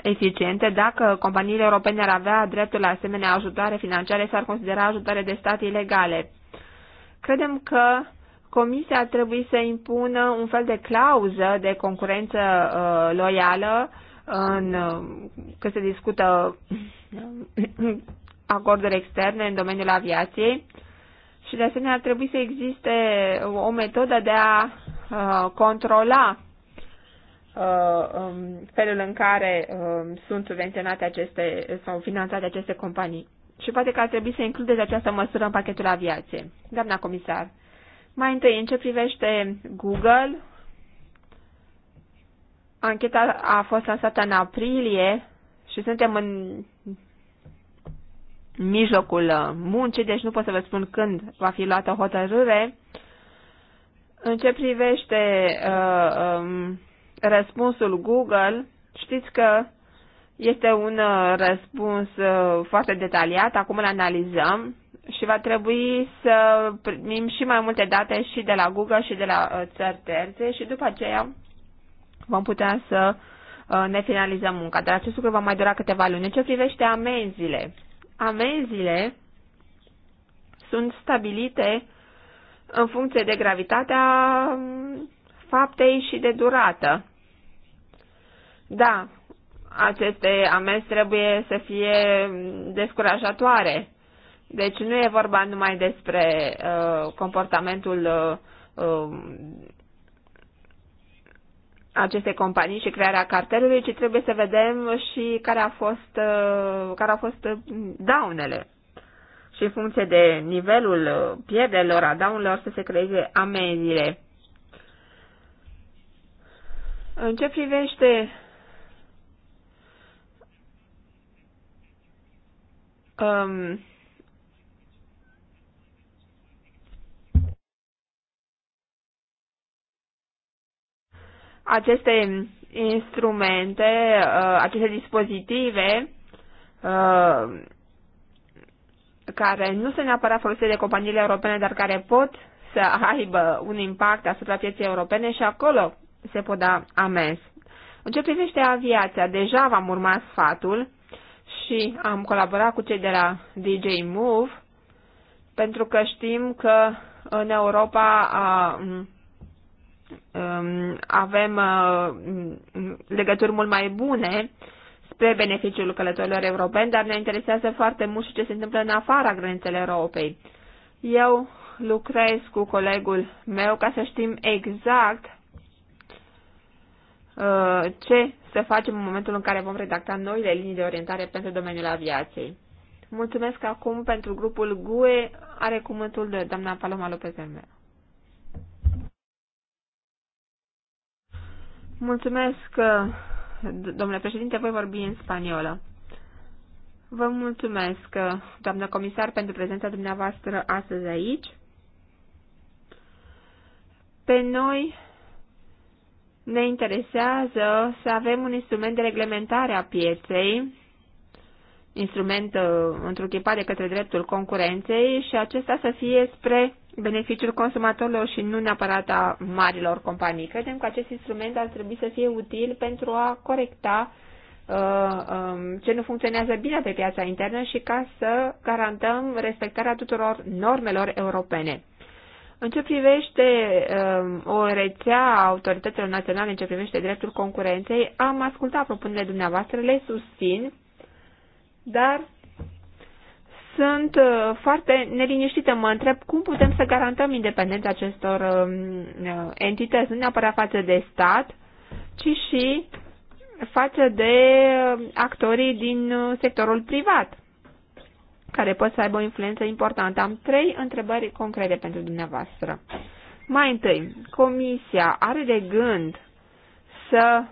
eficiente. Dacă companiile europene ar avea dreptul la asemenea ajutoare financiare, s-ar considera ajutoare de stat ilegale. Credem că Comisia ar trebui să impună un fel de clauză de concurență uh, loială în, uh, că se discută acorduri externe în domeniul aviației și de asemenea ar trebui să existe o metodă de a uh, controla uh, um, felul în care um, sunt subvenționate aceste sau finanțate aceste companii. Și poate că ar trebui să includeți această măsură în pachetul aviației. Doamna comisar, mai întâi, în ce privește Google, ancheta a fost lansată în aprilie și suntem în mijlocul uh, muncii, deci nu pot să vă spun când va fi luată hotărâre. În ce privește uh, um, răspunsul Google, știți că este un uh, răspuns uh, foarte detaliat, acum îl analizăm și va trebui să primim și mai multe date și de la Google și de la țări terțe și după aceea vom putea să ne finalizăm munca. Dar acest lucru va mai dura câteva luni. În ce privește amenziile, Amenziile sunt stabilite în funcție de gravitatea mm, faptei și de durată. Da, aceste amenzi trebuie să fie mm, descurajatoare. Deci nu e vorba numai despre uh, comportamentul uh, um, aceste companii și crearea cartelului, ci trebuie să vedem și care, a fost, uh, care au fost uh, daunele. Și în funcție de nivelul uh, pierderilor, a daunelor, să se creeze amenziile. În ce privește um, aceste instrumente, uh, aceste dispozitive uh, care nu sunt neapărat folosite de companiile europene, dar care pot să aibă un impact asupra pieței europene și acolo se pot da amens. În ce privește aviația, deja v-am urmat sfatul și am colaborat cu cei de la DJ Move pentru că știm că în Europa a, uh, Um, avem uh, legături mult mai bune spre beneficiul călătorilor europeni, dar ne interesează foarte mult și ce se întâmplă în afara granițelor Europei. Eu lucrez cu colegul meu ca să știm exact uh, ce să facem în momentul în care vom redacta noile linii de orientare pentru domeniul aviației. Mulțumesc acum pentru grupul GUE, are cuvântul de doamna Paloma Lopez Hermero. Mulțumesc, domnule președinte, voi vorbi în spaniolă. Vă mulțumesc, doamnă comisar, pentru prezența dumneavoastră astăzi aici. Pe noi ne interesează să avem un instrument de reglementare a pieței, instrument uh, într-o de către dreptul concurenței și acesta să fie spre beneficiul consumatorilor și nu neapărat a marilor companii. Credem că acest instrument ar trebui să fie util pentru a corecta uh, um, ce nu funcționează bine pe piața internă și ca să garantăm respectarea tuturor normelor europene. În ce privește um, o rețea a autorităților naționale, în ce privește dreptul concurenței, am ascultat propunerile dumneavoastră, le susțin, dar sunt uh, foarte neliniștită. Mă întreb cum putem să garantăm independența acestor um, uh, entități, nu neapărat față de stat, ci și față de uh, actorii din sectorul privat, care pot să aibă o influență importantă. Am trei întrebări concrete pentru dumneavoastră. Mai întâi, Comisia are de gând să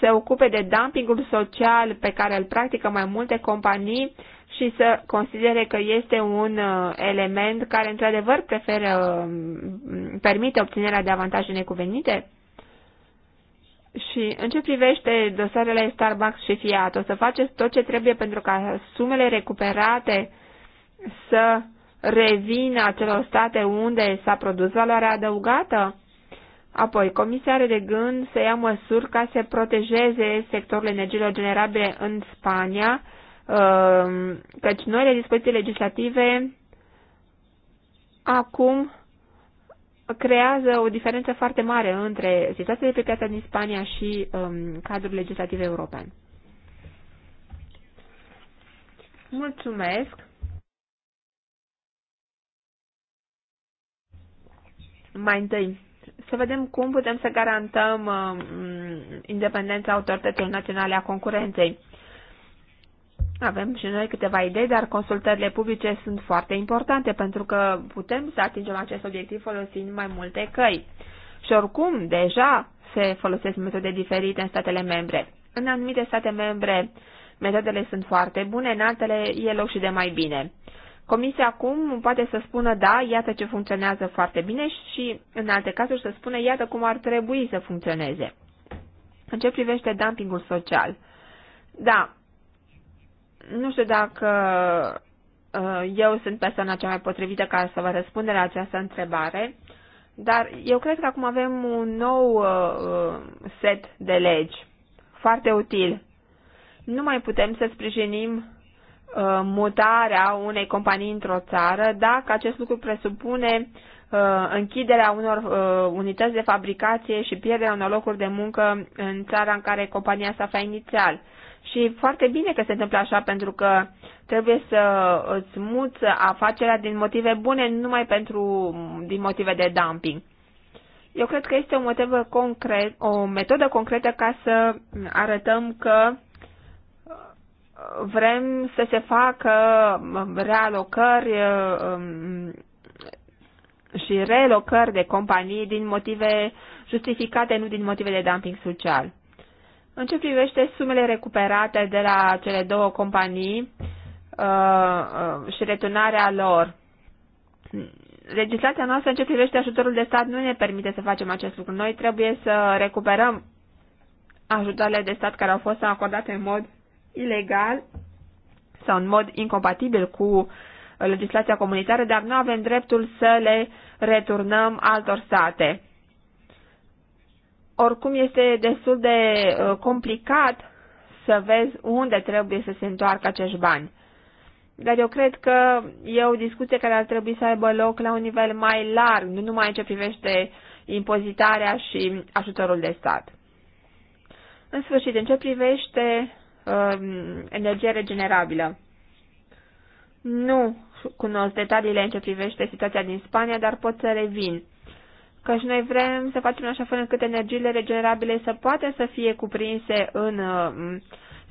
se ocupe de dumpingul social pe care îl practică mai multe companii și să considere că este un uh, element care într-adevăr preferă, um, permite obținerea de avantaje necuvenite? Și în ce privește dosarele Starbucks și Fiat, o să faceți tot ce trebuie pentru ca sumele recuperate să revină acelor state unde s-a produs valoarea adăugată? Apoi, Comisia are de gând să ia măsuri ca să protejeze sectorul energiilor generabile în Spania Um, căci noile dispoziții legislative acum creează o diferență foarte mare între situația de pe piața din Spania și um, cadrul legislativ european. Mulțumesc! Mai întâi, să vedem cum putem să garantăm um, independența autorităților naționale a concurenței avem și noi câteva idei, dar consultările publice sunt foarte importante pentru că putem să atingem acest obiectiv folosind mai multe căi. Și oricum, deja se folosesc metode diferite în statele membre. În anumite state membre, metodele sunt foarte bune, în altele e loc și de mai bine. Comisia acum poate să spună, da, iată ce funcționează foarte bine și, în alte cazuri, să spună, iată cum ar trebui să funcționeze. În ce privește dumpingul social? Da, nu știu dacă uh, eu sunt persoana cea mai potrivită ca să vă răspund la această întrebare, dar eu cred că acum avem un nou uh, uh, set de legi foarte util. Nu mai putem să sprijinim mutarea unei companii într-o țară dacă acest lucru presupune închiderea unor unități de fabricație și pierderea unor locuri de muncă în țara în care compania s-a inițial. Și foarte bine că se întâmplă așa, pentru că trebuie să îți muți afacerea din motive bune, nu numai pentru, din motive de dumping. Eu cred că este o, motivă concret, o metodă concretă ca să arătăm că vrem să se facă realocări um, și relocări de companii din motive justificate, nu din motive de dumping social. În ce privește sumele recuperate de la cele două companii uh, uh, și returnarea lor, legislația noastră în ce privește ajutorul de stat nu ne permite să facem acest lucru. Noi trebuie să recuperăm ajutoarele de stat care au fost acordate în mod ilegal sau în mod incompatibil cu legislația comunitară, dar nu avem dreptul să le returnăm altor state. Oricum este destul de uh, complicat să vezi unde trebuie să se întoarcă acești bani. Dar eu cred că e o discuție care ar trebui să aibă loc la un nivel mai larg, nu numai în ce privește impozitarea și ajutorul de stat. În sfârșit, în ce privește uh, um, energia regenerabilă? Nu cunosc detaliile în ce privește situația din Spania, dar pot să revin căci noi vrem să facem în așa fel încât energiile regenerabile să poată să fie cuprinse în uh,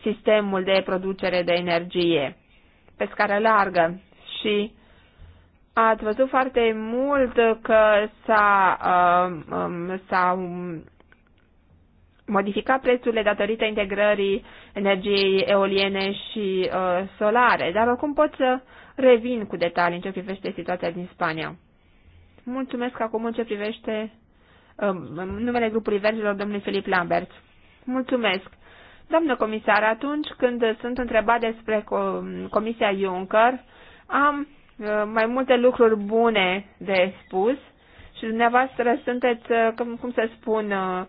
sistemul de producere de energie pe scară largă și ați văzut foarte mult că s-a, uh, s-a modificat prețurile datorită integrării energiei eoliene și uh, solare, dar oricum pot să revin cu detalii în ce privește situația din Spania. Mulțumesc acum în ce privește um, numele grupului Vergilor, domnului Filip Lambert. Mulțumesc. Doamnă comisar, atunci când sunt întrebat despre Comisia Juncker, am uh, mai multe lucruri bune de spus și dumneavoastră sunteți, uh, cum să spun, uh,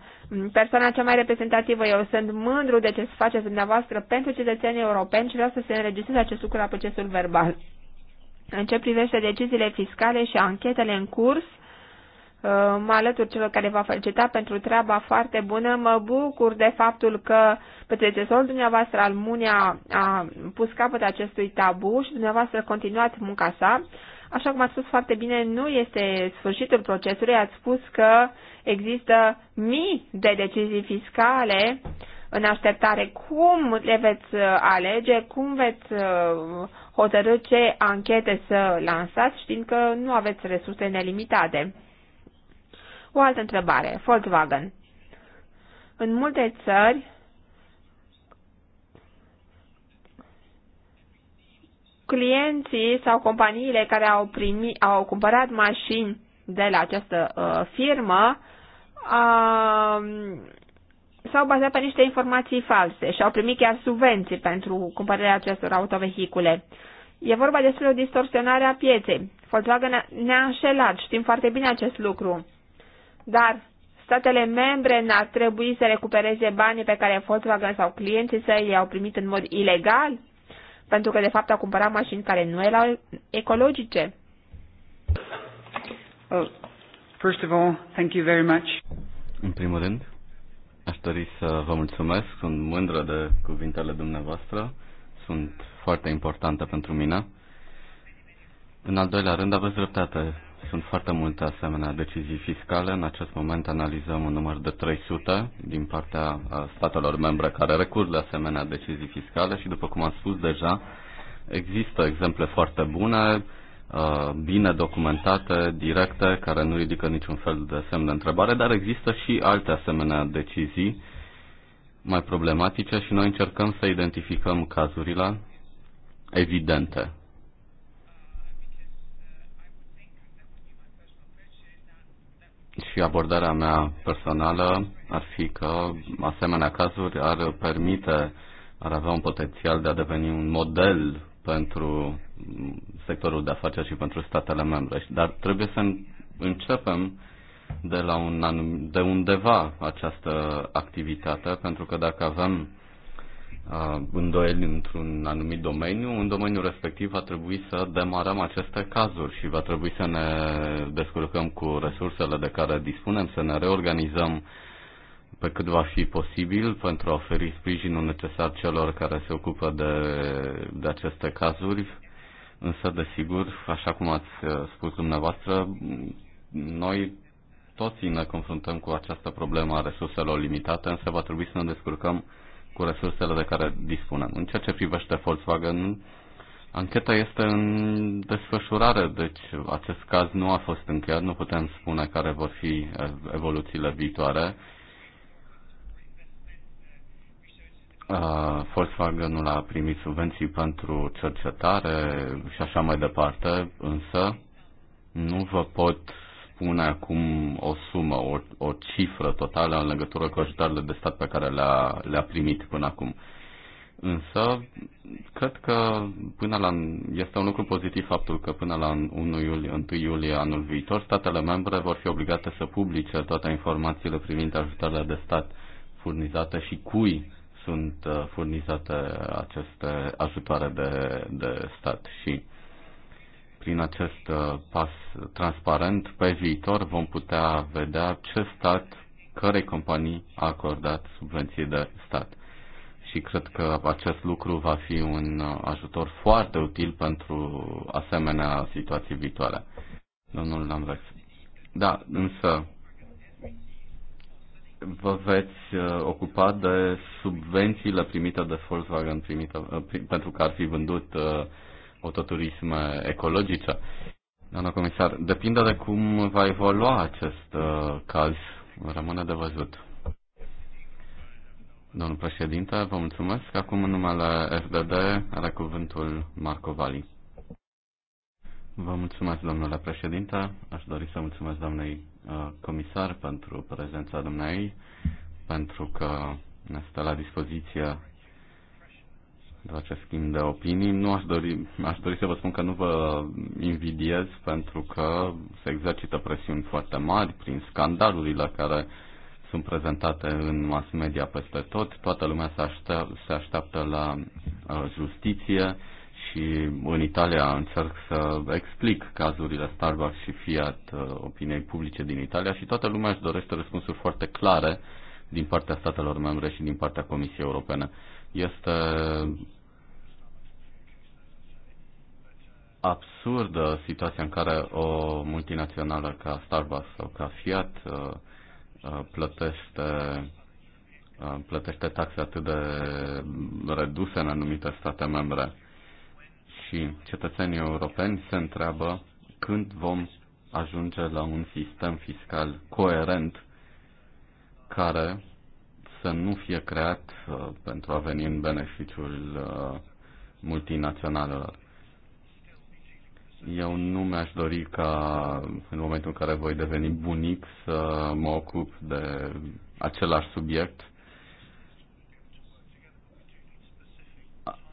persoana cea mai reprezentativă. Eu sunt mândru de ce faceți dumneavoastră pentru cetățenii europeni și vreau să se înregistreze acest lucru la procesul verbal. În ce privește deciziile fiscale și anchetele în curs, uh, mă alătur celor care v-a felicitat pentru treaba foarte bună. Mă bucur de faptul că predecesorul dumneavoastră al Munia a pus capăt acestui tabu și dumneavoastră continuat munca sa. Așa cum ați spus foarte bine, nu este sfârșitul procesului. Ați spus că există mii de decizii fiscale în așteptare. Cum le veți alege? Cum veți uh, hotărât ce anchete să lansați, știind că nu aveți resurse nelimitate. O altă întrebare. Volkswagen. În multe țări, clienții sau companiile care au, primi, au cumpărat mașini de la această uh, firmă uh, s-au bazat pe niște informații false și au primit chiar subvenții pentru cumpărarea acestor autovehicule. E vorba despre o distorsionare a pieței. Volkswagen ne-a înșelat, știm foarte bine acest lucru. Dar statele membre n-ar trebui să recupereze banii pe care Volkswagen sau clienții săi i-au primit în mod ilegal? Pentru că, de fapt, au cumpărat mașini care nu erau ecologice. First of all, thank you very much. În primul rând, Aș dori să vă mulțumesc, sunt mândră de cuvintele dumneavoastră, sunt foarte importante pentru mine. În al doilea rând, aveți dreptate. Sunt foarte multe asemenea decizii fiscale. În acest moment analizăm un număr de 300 din partea statelor membre care recurg la asemenea decizii fiscale și, după cum am spus deja, există exemple foarte bune, Uh, bine documentate, directe, care nu ridică niciun fel de semn de întrebare, dar există și alte asemenea decizii mai problematice și noi încercăm să identificăm cazurile evidente. Și abordarea mea personală ar fi că asemenea cazuri ar permite, ar avea un potențial de a deveni un model pentru sectorul de afaceri și pentru statele membre. Dar trebuie să începem de, la un anum, de undeva această activitate, pentru că dacă avem uh, îndoieli într-un anumit domeniu, în domeniul respectiv va trebui să demarăm aceste cazuri și va trebui să ne descurcăm cu resursele de care dispunem, să ne reorganizăm pe cât va fi posibil pentru a oferi sprijinul necesar celor care se ocupă de, de aceste cazuri Însă, desigur, așa cum ați uh, spus dumneavoastră, noi toți ne confruntăm cu această problemă a resurselor limitate, însă va trebui să ne descurcăm cu resursele de care dispunem. În ceea ce privește Volkswagen, ancheta este în desfășurare, deci acest caz nu a fost încheiat, nu putem spune care vor fi uh, evoluțiile viitoare. Volkswagen a primit subvenții pentru cercetare și așa mai departe, însă nu vă pot spune acum o sumă, o, o cifră totală în legătură cu ajutoarele de stat pe care le-a, le-a primit până acum. Însă, cred că până la, este un lucru pozitiv faptul că până la 1 iulie, 1 iulie anul viitor, statele membre vor fi obligate să publice toate informațiile privind ajutoarele de stat furnizate și cui sunt uh, furnizate aceste ajutoare de, de stat și prin acest uh, pas transparent, pe viitor vom putea vedea ce stat, care companii a acordat subvenții de stat. Și cred că acest lucru va fi un uh, ajutor foarte util pentru asemenea situații viitoare. Domnul Lambrex. Da, însă vă veți uh, ocupa de subvențiile primite de Volkswagen primite, uh, pentru că ar fi vândut uh, autoturisme ecologice. Doamna comisar, depinde de cum va evolua acest uh, caz, rămâne de văzut. Domnul președinte, vă mulțumesc. Acum în numele FDD are cuvântul Marco Vali. Vă mulțumesc, domnule președinte. Aș dori să mulțumesc doamnei Uh, comisar pentru prezența dumneai, pentru că ne stă la dispoziție de acest schimb de opinii. Nu aș dori, aș dori să vă spun că nu vă invidiez pentru că se exercită presiuni foarte mari prin scandalurile care sunt prezentate în mass media peste tot. Toată lumea se, așteaptă, se așteaptă la uh, justiție și în Italia încerc să explic cazurile Starbucks și Fiat uh, opiniei publice din Italia și toată lumea își dorește răspunsuri foarte clare din partea statelor membre și din partea Comisiei Europene. Este absurdă situația în care o multinațională ca Starbucks sau ca Fiat uh, uh, plătește plătește taxe atât de reduse în anumite state membre și cetățenii europeni se întreabă când vom ajunge la un sistem fiscal coerent care să nu fie creat uh, pentru a veni în beneficiul uh, multinaționalelor. Eu nu mi-aș dori ca în momentul în care voi deveni bunic să mă ocup de același subiect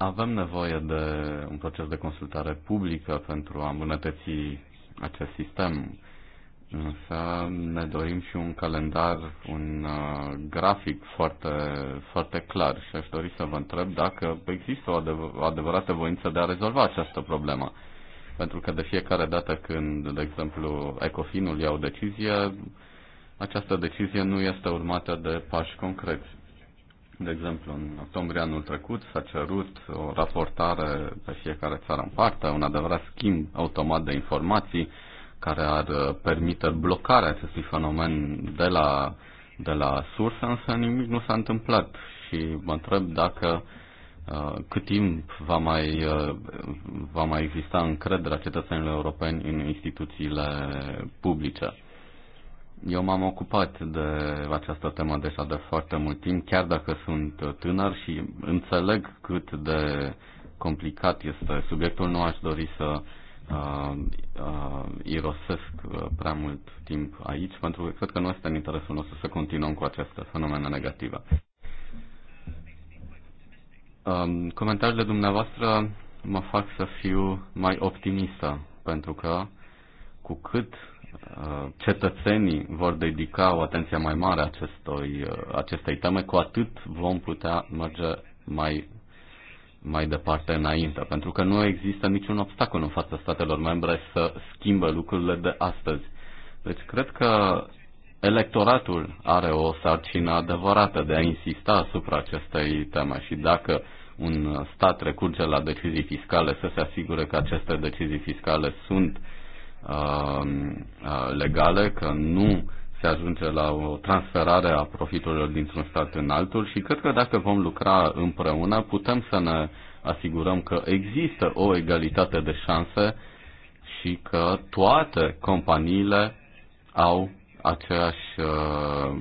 Avem nevoie de un proces de consultare publică pentru a îmbunătăți acest sistem, însă ne dorim și un calendar, un uh, grafic foarte, foarte clar și aș dori să vă întreb dacă există o o adevărată voință de a rezolva această problemă. Pentru că de fiecare dată când, de exemplu, Ecofinul ia o decizie, această decizie nu este urmată de pași concreți. De exemplu, în octombrie anul trecut s-a cerut o raportare pe fiecare țară în parte, un adevărat schimb automat de informații care ar uh, permite blocarea acestui fenomen de la, de la sursă, însă nimic nu s-a întâmplat și mă întreb dacă uh, cât timp va mai, uh, va mai exista încrederea cetățenilor europeni în instituțiile publice. Eu m-am ocupat de această temă deja de foarte mult timp, chiar dacă sunt tânăr și înțeleg cât de complicat este subiectul, nu aș dori să uh, uh, irosesc uh, prea mult timp aici, pentru că cred că nu este în interesul nostru să continuăm cu aceste fenomene negative. Um, comentariile dumneavoastră mă fac să fiu mai optimistă, pentru că cu cât Uh, cetățenii vor dedica o atenție mai mare acestui, uh, acestei teme, cu atât vom putea merge mai, mai departe înainte, pentru că nu există niciun obstacol în fața statelor membre să schimbe lucrurile de astăzi. Deci cred că electoratul are o sarcină adevărată de a insista asupra acestei teme și dacă un stat recurge la decizii fiscale să se asigure că aceste decizii fiscale sunt uh, Um, uh, legale, că nu se ajunge la o transferare a profiturilor dintr-un stat în altul și cred că dacă vom lucra împreună putem să ne asigurăm că există o egalitate de șanse și că toate companiile au aceeași uh,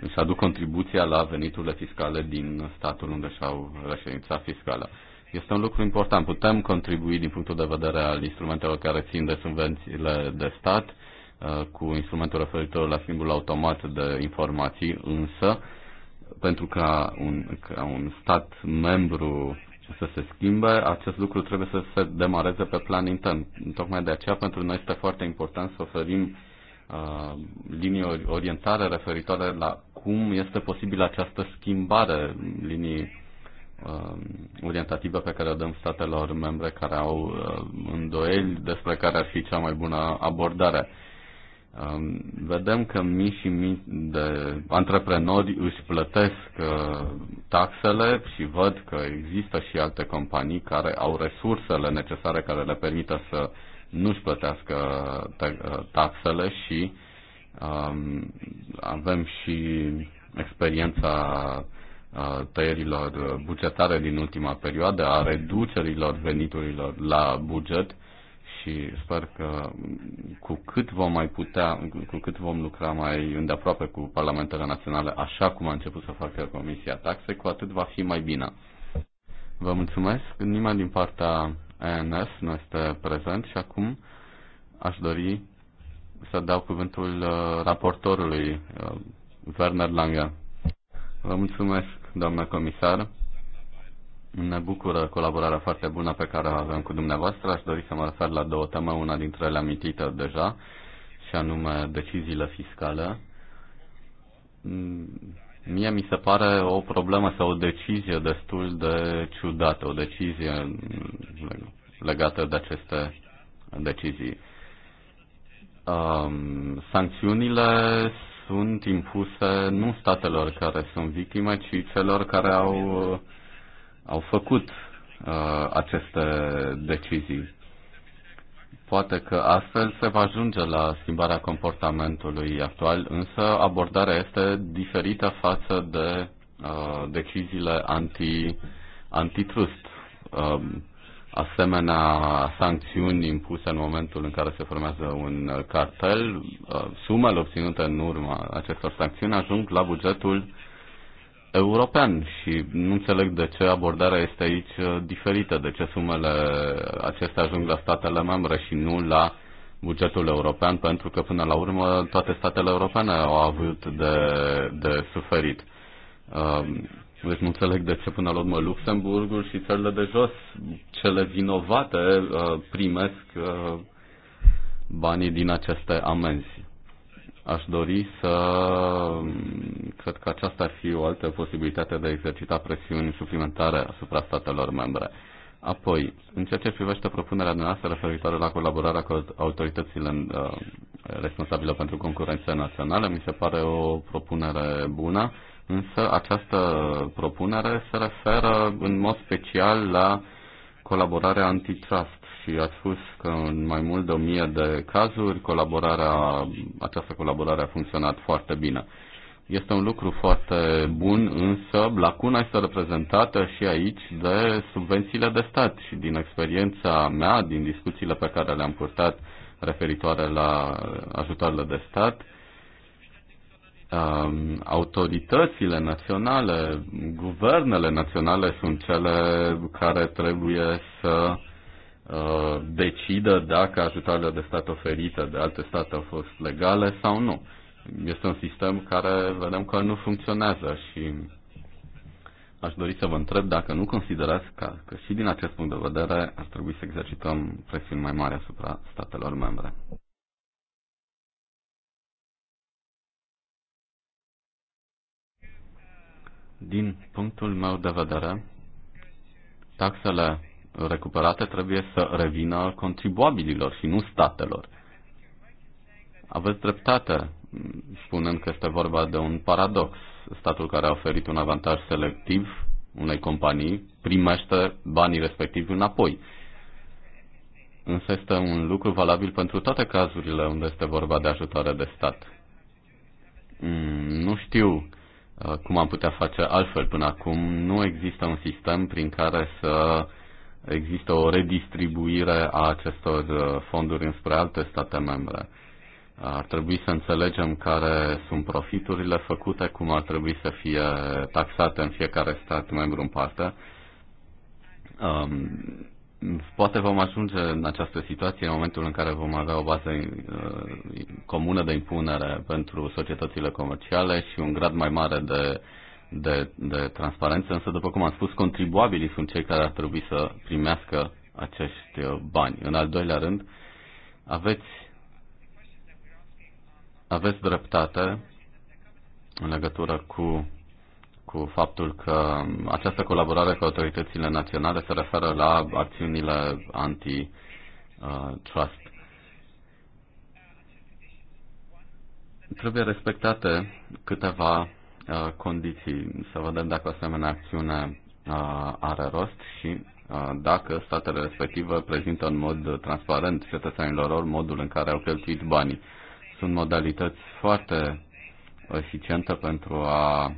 își aduc contribuția la veniturile fiscale din statul unde și-au reședința fiscală. Este un lucru important. Putem contribui din punctul de vedere al instrumentelor care țin de subvențiile de stat uh, cu instrumentul referitor la schimbul automat de informații, însă pentru ca un, ca un stat membru să se schimbe, acest lucru trebuie să se demareze pe plan intern. Tocmai de aceea pentru noi este foarte important să oferim uh, linii orientare referitoare la cum este posibilă această schimbare, linii Um, orientativă pe care o dăm statelor membre care au uh, îndoieli despre care ar fi cea mai bună abordare. Um, vedem că mii și mii de antreprenori își plătesc uh, taxele și văd că există și alte companii care au resursele necesare care le permită să nu-și plătească uh, taxele și um, avem și experiența tăierilor uh, bugetare din ultima perioadă, a reducerilor veniturilor la buget și sper că cu cât vom mai putea, cu cât vom lucra mai îndeaproape cu Parlamentele Naționale, așa cum a început să facă Comisia Taxe, cu atât va fi mai bine. Vă mulțumesc. Nimeni din partea ANS nu este prezent și acum aș dori să dau cuvântul uh, raportorului uh, Werner Lange. Vă mulțumesc, doamnă comisar. Ne bucură colaborarea foarte bună pe care o avem cu dumneavoastră. Aș dori să mă refer la două teme, una dintre ele amintită deja, și anume deciziile fiscale. Mie mi se pare o problemă sau o decizie destul de ciudată, o decizie legată de aceste decizii. Um, sancțiunile sunt impuse nu statelor care sunt victime, ci celor care au, au făcut uh, aceste decizii. Poate că astfel se va ajunge la schimbarea comportamentului actual, însă abordarea este diferită față de uh, deciziile anti, antitrust. Uh, asemenea sancțiuni impuse în momentul în care se formează un uh, cartel. Uh, sumele obținute în urma acestor sancțiuni ajung la bugetul european și nu înțeleg de ce abordarea este aici uh, diferită, de ce sumele acestea ajung la statele membre și nu la bugetul european, pentru că până la urmă toate statele europene au avut de, de suferit. Deci nu înțeleg de ce până la urmă Luxemburgul și țările de jos, cele vinovate, uh, primesc uh, banii din aceste amenzi. Aș dori să... Cred că aceasta ar fi o altă posibilitate de a exercita presiuni suplimentare asupra statelor membre. Apoi, în ceea ce privește propunerea noastră referitoare la colaborarea cu autoritățile uh, responsabile pentru concurența națională, mi se pare o propunere bună însă această propunere se referă în mod special la colaborarea antitrust și a spus că în mai mult de o mie de cazuri colaborarea, această colaborare a funcționat foarte bine. Este un lucru foarte bun, însă lacuna este reprezentată și aici de subvențiile de stat și din experiența mea, din discuțiile pe care le-am purtat referitoare la ajutoarele de stat, Um, autoritățile naționale, guvernele naționale sunt cele care trebuie să uh, decidă dacă ajutoarele de stat oferite de alte state au fost legale sau nu. Este un sistem care vedem că nu funcționează și aș dori să vă întreb dacă nu considerați că, că și din acest punct de vedere ar trebui să exercităm presiuni mai mari asupra statelor membre. Din punctul meu de vedere, taxele recuperate trebuie să revină contribuabililor și nu statelor. Aveți dreptate spunând că este vorba de un paradox. Statul care a oferit un avantaj selectiv unei companii primește banii respectivi înapoi. Însă este un lucru valabil pentru toate cazurile unde este vorba de ajutoare de stat. Mm, nu știu Uh, cum am putea face altfel până acum. Nu există un sistem prin care să există o redistribuire a acestor uh, fonduri înspre alte state membre. Uh, ar trebui să înțelegem care sunt profiturile făcute, cum ar trebui să fie taxate în fiecare stat membru în parte. Um, Poate vom ajunge în această situație în momentul în care vom avea o bază uh, comună de impunere pentru societățile comerciale și un grad mai mare de, de, de transparență, însă, după cum am spus, contribuabilii sunt cei care ar trebui să primească acești uh, bani. În al doilea rând, aveți, aveți dreptate în legătură cu cu faptul că această colaborare cu autoritățile naționale se referă la acțiunile anti-trust. Trebuie respectate câteva uh, condiții, să vedem dacă o asemenea acțiune uh, are rost și uh, dacă statele respective prezintă în mod transparent cetățenilor lor modul în care au cheltuit banii. Sunt modalități foarte eficiente pentru a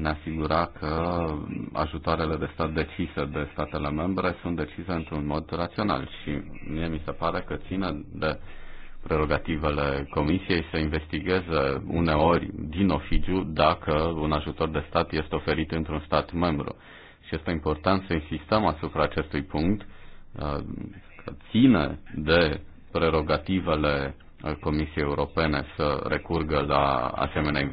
ne asigura că ajutoarele de stat decise de statele membre sunt decise într-un mod rațional și mie mi se pare că ține de prerogativele Comisiei să investigheze uneori din oficiu dacă un ajutor de stat este oferit într-un stat membru. Și este important să insistăm asupra acestui punct uh, că ține de prerogativele uh, Comisiei Europene să recurgă la asemenea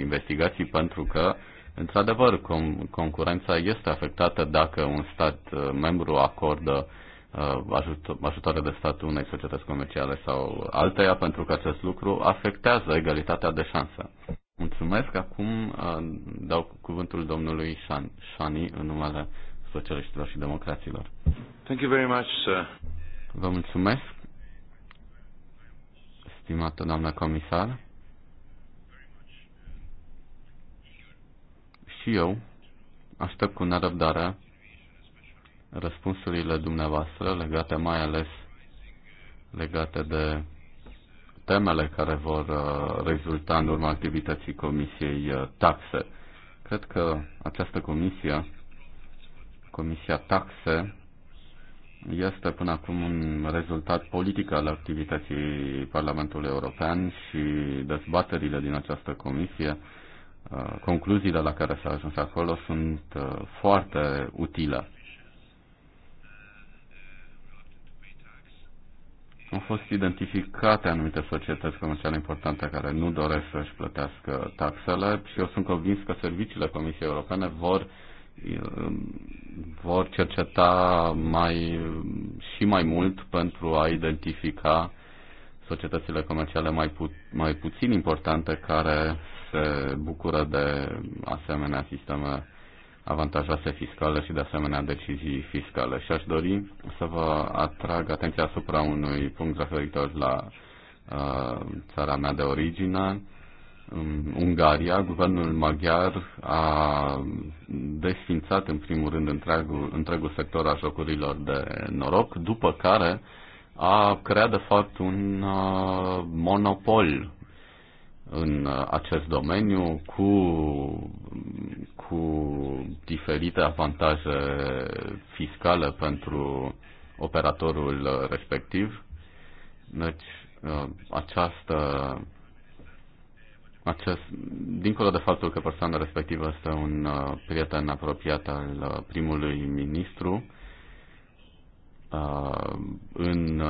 investigații pentru că Într-adevăr, com- concurența este afectată dacă un stat uh, membru acordă uh, ajut- ajutoare de stat unei societăți comerciale sau alteia, pentru că acest lucru afectează egalitatea de șanse. Mulțumesc. Acum uh, dau cuvântul domnului Shani în numele socialiștilor și democraților. Thank you very much, sir. Vă mulțumesc, stimată doamnă comisar. și eu aștept cu nerăbdare răspunsurile dumneavoastră legate mai ales legate de temele care vor uh, rezulta în urma activității Comisiei uh, Taxe. Cred că această comisie, Comisia Taxe, este până acum un rezultat politic al activității Parlamentului European și dezbaterile din această comisie Uh, concluziile la care s-a ajuns acolo sunt uh, foarte utile. Au fost identificate anumite societăți comerciale importante care nu doresc să-și plătească taxele și eu sunt convins că serviciile Comisiei Europene vor, um, vor cerceta mai, și mai mult pentru a identifica societățile comerciale mai, pu- mai puțin importante care se bucură de asemenea sisteme avantajoase fiscale și de asemenea decizii fiscale. Și aș dori să vă atrag atenția asupra unui punct referitor la uh, țara mea de origine, în Ungaria, guvernul maghiar a desfințat în primul rând întregul, întregul sector al jocurilor de noroc, după care a creat de fapt un uh, monopol în uh, acest domeniu cu, cu diferite avantaje fiscale pentru operatorul respectiv. Deci, uh, această, acest, dincolo de faptul că persoana respectivă este un uh, prieten apropiat al primului ministru, în,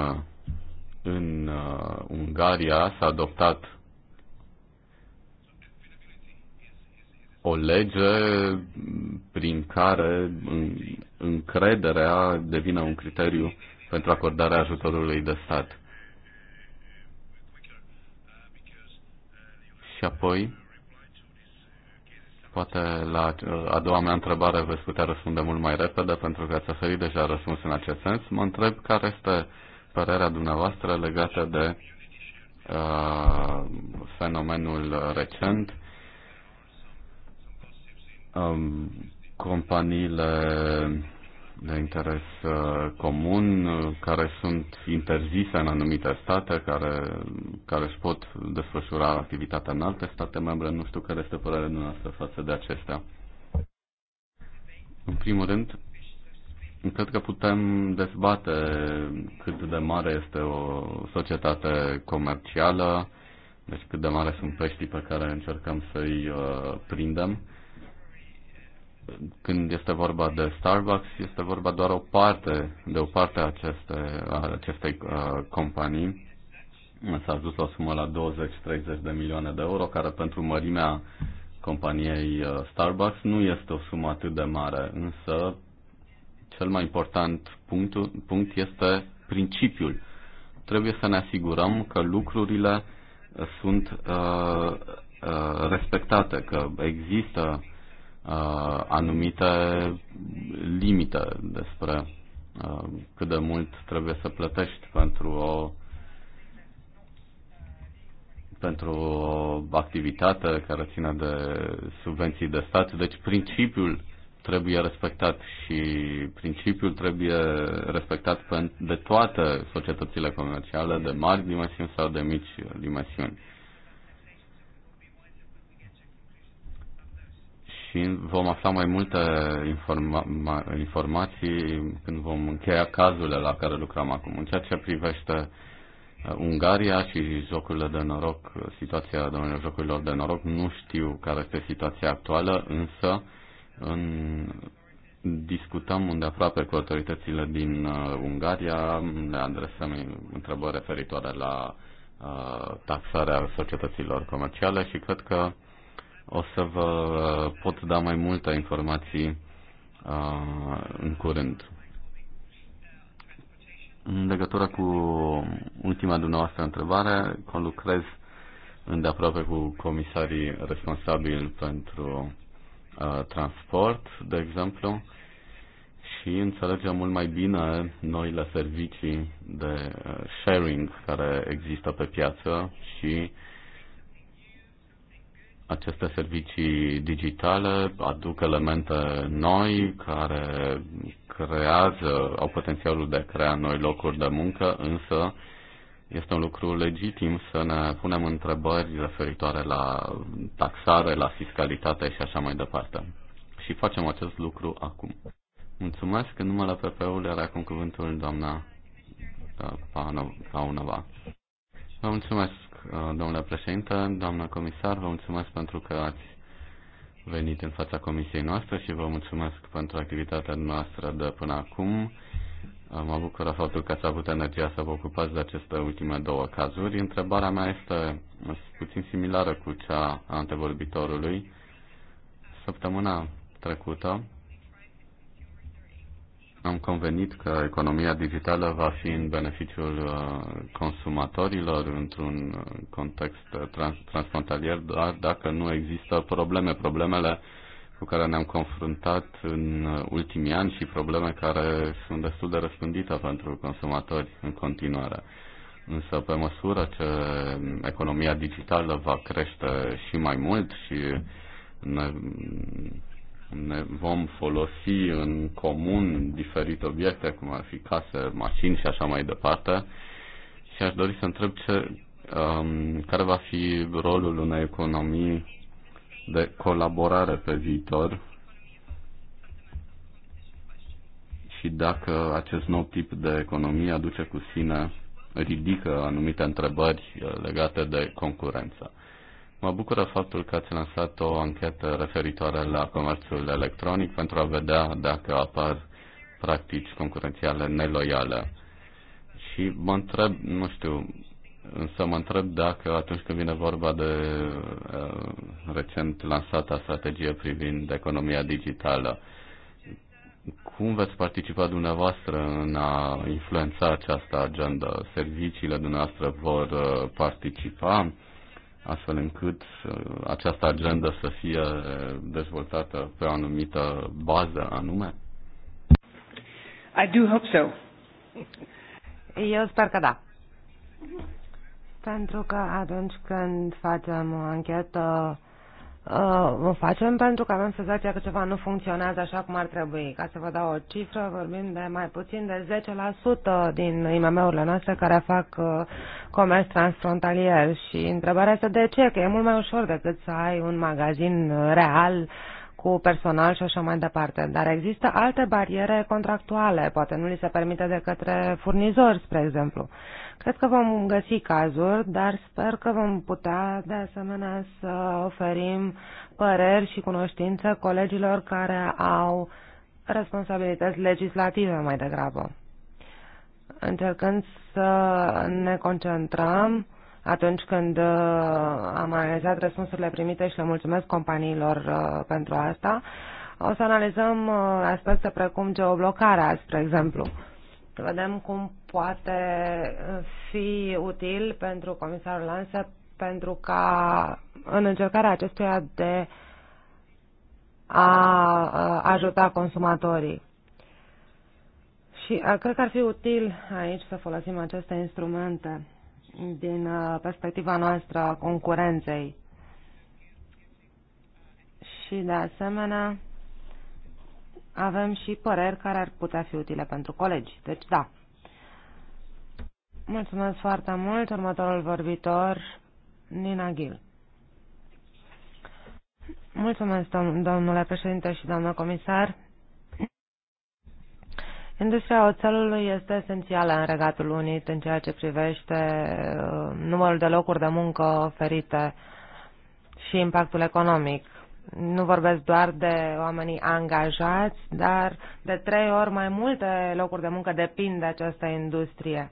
în Ungaria s-a adoptat o lege prin care încrederea devine un criteriu pentru acordarea ajutorului de stat. Și apoi, poate la a doua mea întrebare veți putea răspunde mult mai repede, pentru că ați oferit deja răspuns în acest sens. Mă întreb care este părerea dumneavoastră legată de uh, fenomenul recent um, companiile de interes uh, comun uh, care sunt interzise în anumite state, care, care își pot desfășura activitatea în alte state membre. Nu știu care este părerea noastră față de acestea. În primul rând, cred că putem dezbate cât de mare este o societate comercială, deci cât de mare sunt peștii pe care încercăm să-i uh, prindem când este vorba de Starbucks, este vorba doar o parte, de o parte a, acestei, a acestei uh, companii. S-a ajuns la o sumă la 20-30 de milioane de euro, care pentru mărimea companiei Starbucks nu este o sumă atât de mare, însă cel mai important punct, punct este principiul. Trebuie să ne asigurăm că lucrurile sunt uh, respectate, că există uh, anumite limite despre uh, cât de mult trebuie să plătești pentru o pentru o activitate care ține de subvenții de stat. Deci principiul trebuie respectat și principiul trebuie respectat de toate societățile comerciale, de mari dimensiuni sau de mici dimensiuni. și vom afla mai multe informa- informații când vom încheia cazurile la care lucrăm acum. În ceea ce privește uh, Ungaria și jocurile de noroc, situația domnilor jocurilor de noroc, nu știu care este situația actuală, însă în discutăm aproape cu autoritățile din uh, Ungaria, ne adresăm întrebări referitoare la uh, taxarea societăților comerciale și cred că o să vă uh, pot da mai multe informații uh, în curând. În legătură cu ultima dumneavoastră întrebare, conlucrez îndeaproape cu comisarii responsabili pentru uh, transport, de exemplu, și înțelegem mult mai bine noile servicii de uh, sharing care există pe piață și aceste servicii digitale aduc elemente noi care creează, au potențialul de a crea noi locuri de muncă, însă este un lucru legitim să ne punem întrebări referitoare la taxare, la fiscalitate și așa mai departe. Și facem acest lucru acum. Mulțumesc. În numele PP-ului are acum cuvântul doamna da, Paunova. Vă mulțumesc, Uh, domnule președinte, doamnă comisar, vă mulțumesc pentru că ați venit în fața comisiei noastre și vă mulțumesc pentru activitatea noastră de până acum. Uh, mă bucură faptul că ați avut energia să vă ocupați de aceste ultime două cazuri. Întrebarea mea este puțin similară cu cea a antevorbitorului. Săptămâna trecută am convenit că economia digitală va fi în beneficiul uh, consumatorilor într-un context uh, trans- transfrontalier, doar dacă nu există probleme, problemele cu care ne-am confruntat în uh, ultimii ani și probleme care sunt destul de răspândite pentru consumatori în continuare. Însă, pe măsură ce economia digitală va crește și mai mult și ne, ne vom folosi în comun diferite obiecte, cum ar fi case, mașini și așa mai departe. Și aș dori să întreb ce, um, care va fi rolul unei economii de colaborare pe viitor și dacă acest nou tip de economie aduce cu sine, ridică anumite întrebări uh, legate de concurență. Mă bucură faptul că ați lansat o anchetă referitoare la comerțul electronic pentru a vedea dacă apar practici concurențiale neloiale. Și mă întreb, nu știu, însă mă întreb dacă atunci când vine vorba de uh, recent lansata strategie privind economia digitală, cum veți participa dumneavoastră în a influența această agenda? Serviciile dumneavoastră vor uh, participa? astfel încât uh, această agendă să fie dezvoltată pe o anumită bază anume? I do hope so. Eu sper că da. Pentru că atunci când facem o anchetă Uh, o facem pentru că avem senzația că ceva nu funcționează așa cum ar trebui. Ca să vă dau o cifră, vorbim de mai puțin de 10% din IMM-urile noastre care fac uh, comerț transfrontalier și întrebarea este de ce, că e mult mai ușor decât să ai un magazin uh, real uh, cu personal și așa mai departe. Dar există alte bariere contractuale, poate nu li se permite de către furnizori, spre exemplu. Cred că vom găsi cazuri, dar sper că vom putea de asemenea să oferim păreri și cunoștință colegilor care au responsabilități legislative mai degrabă. Încercând să ne concentrăm atunci când uh, am analizat răspunsurile primite și le mulțumesc companiilor uh, pentru asta. O să analizăm uh, aspecte precum geoblocarea, spre exemplu. Să vedem cum poate fi util pentru comisarul Lansă pentru ca în încercarea acestuia de a ajuta consumatorii. Și cred că ar fi util aici să folosim aceste instrumente din uh, perspectiva noastră a concurenței. Și de asemenea, avem și păreri care ar putea fi utile pentru colegi. Deci, da. Mulțumesc foarte mult. Următorul vorbitor, Nina Gil. Mulțumesc, domnule președinte și doamnă comisar. Industria oțelului este esențială în Regatul Unit în ceea ce privește uh, numărul de locuri de muncă oferite și impactul economic. Nu vorbesc doar de oamenii angajați, dar de trei ori mai multe locuri de muncă depind de această industrie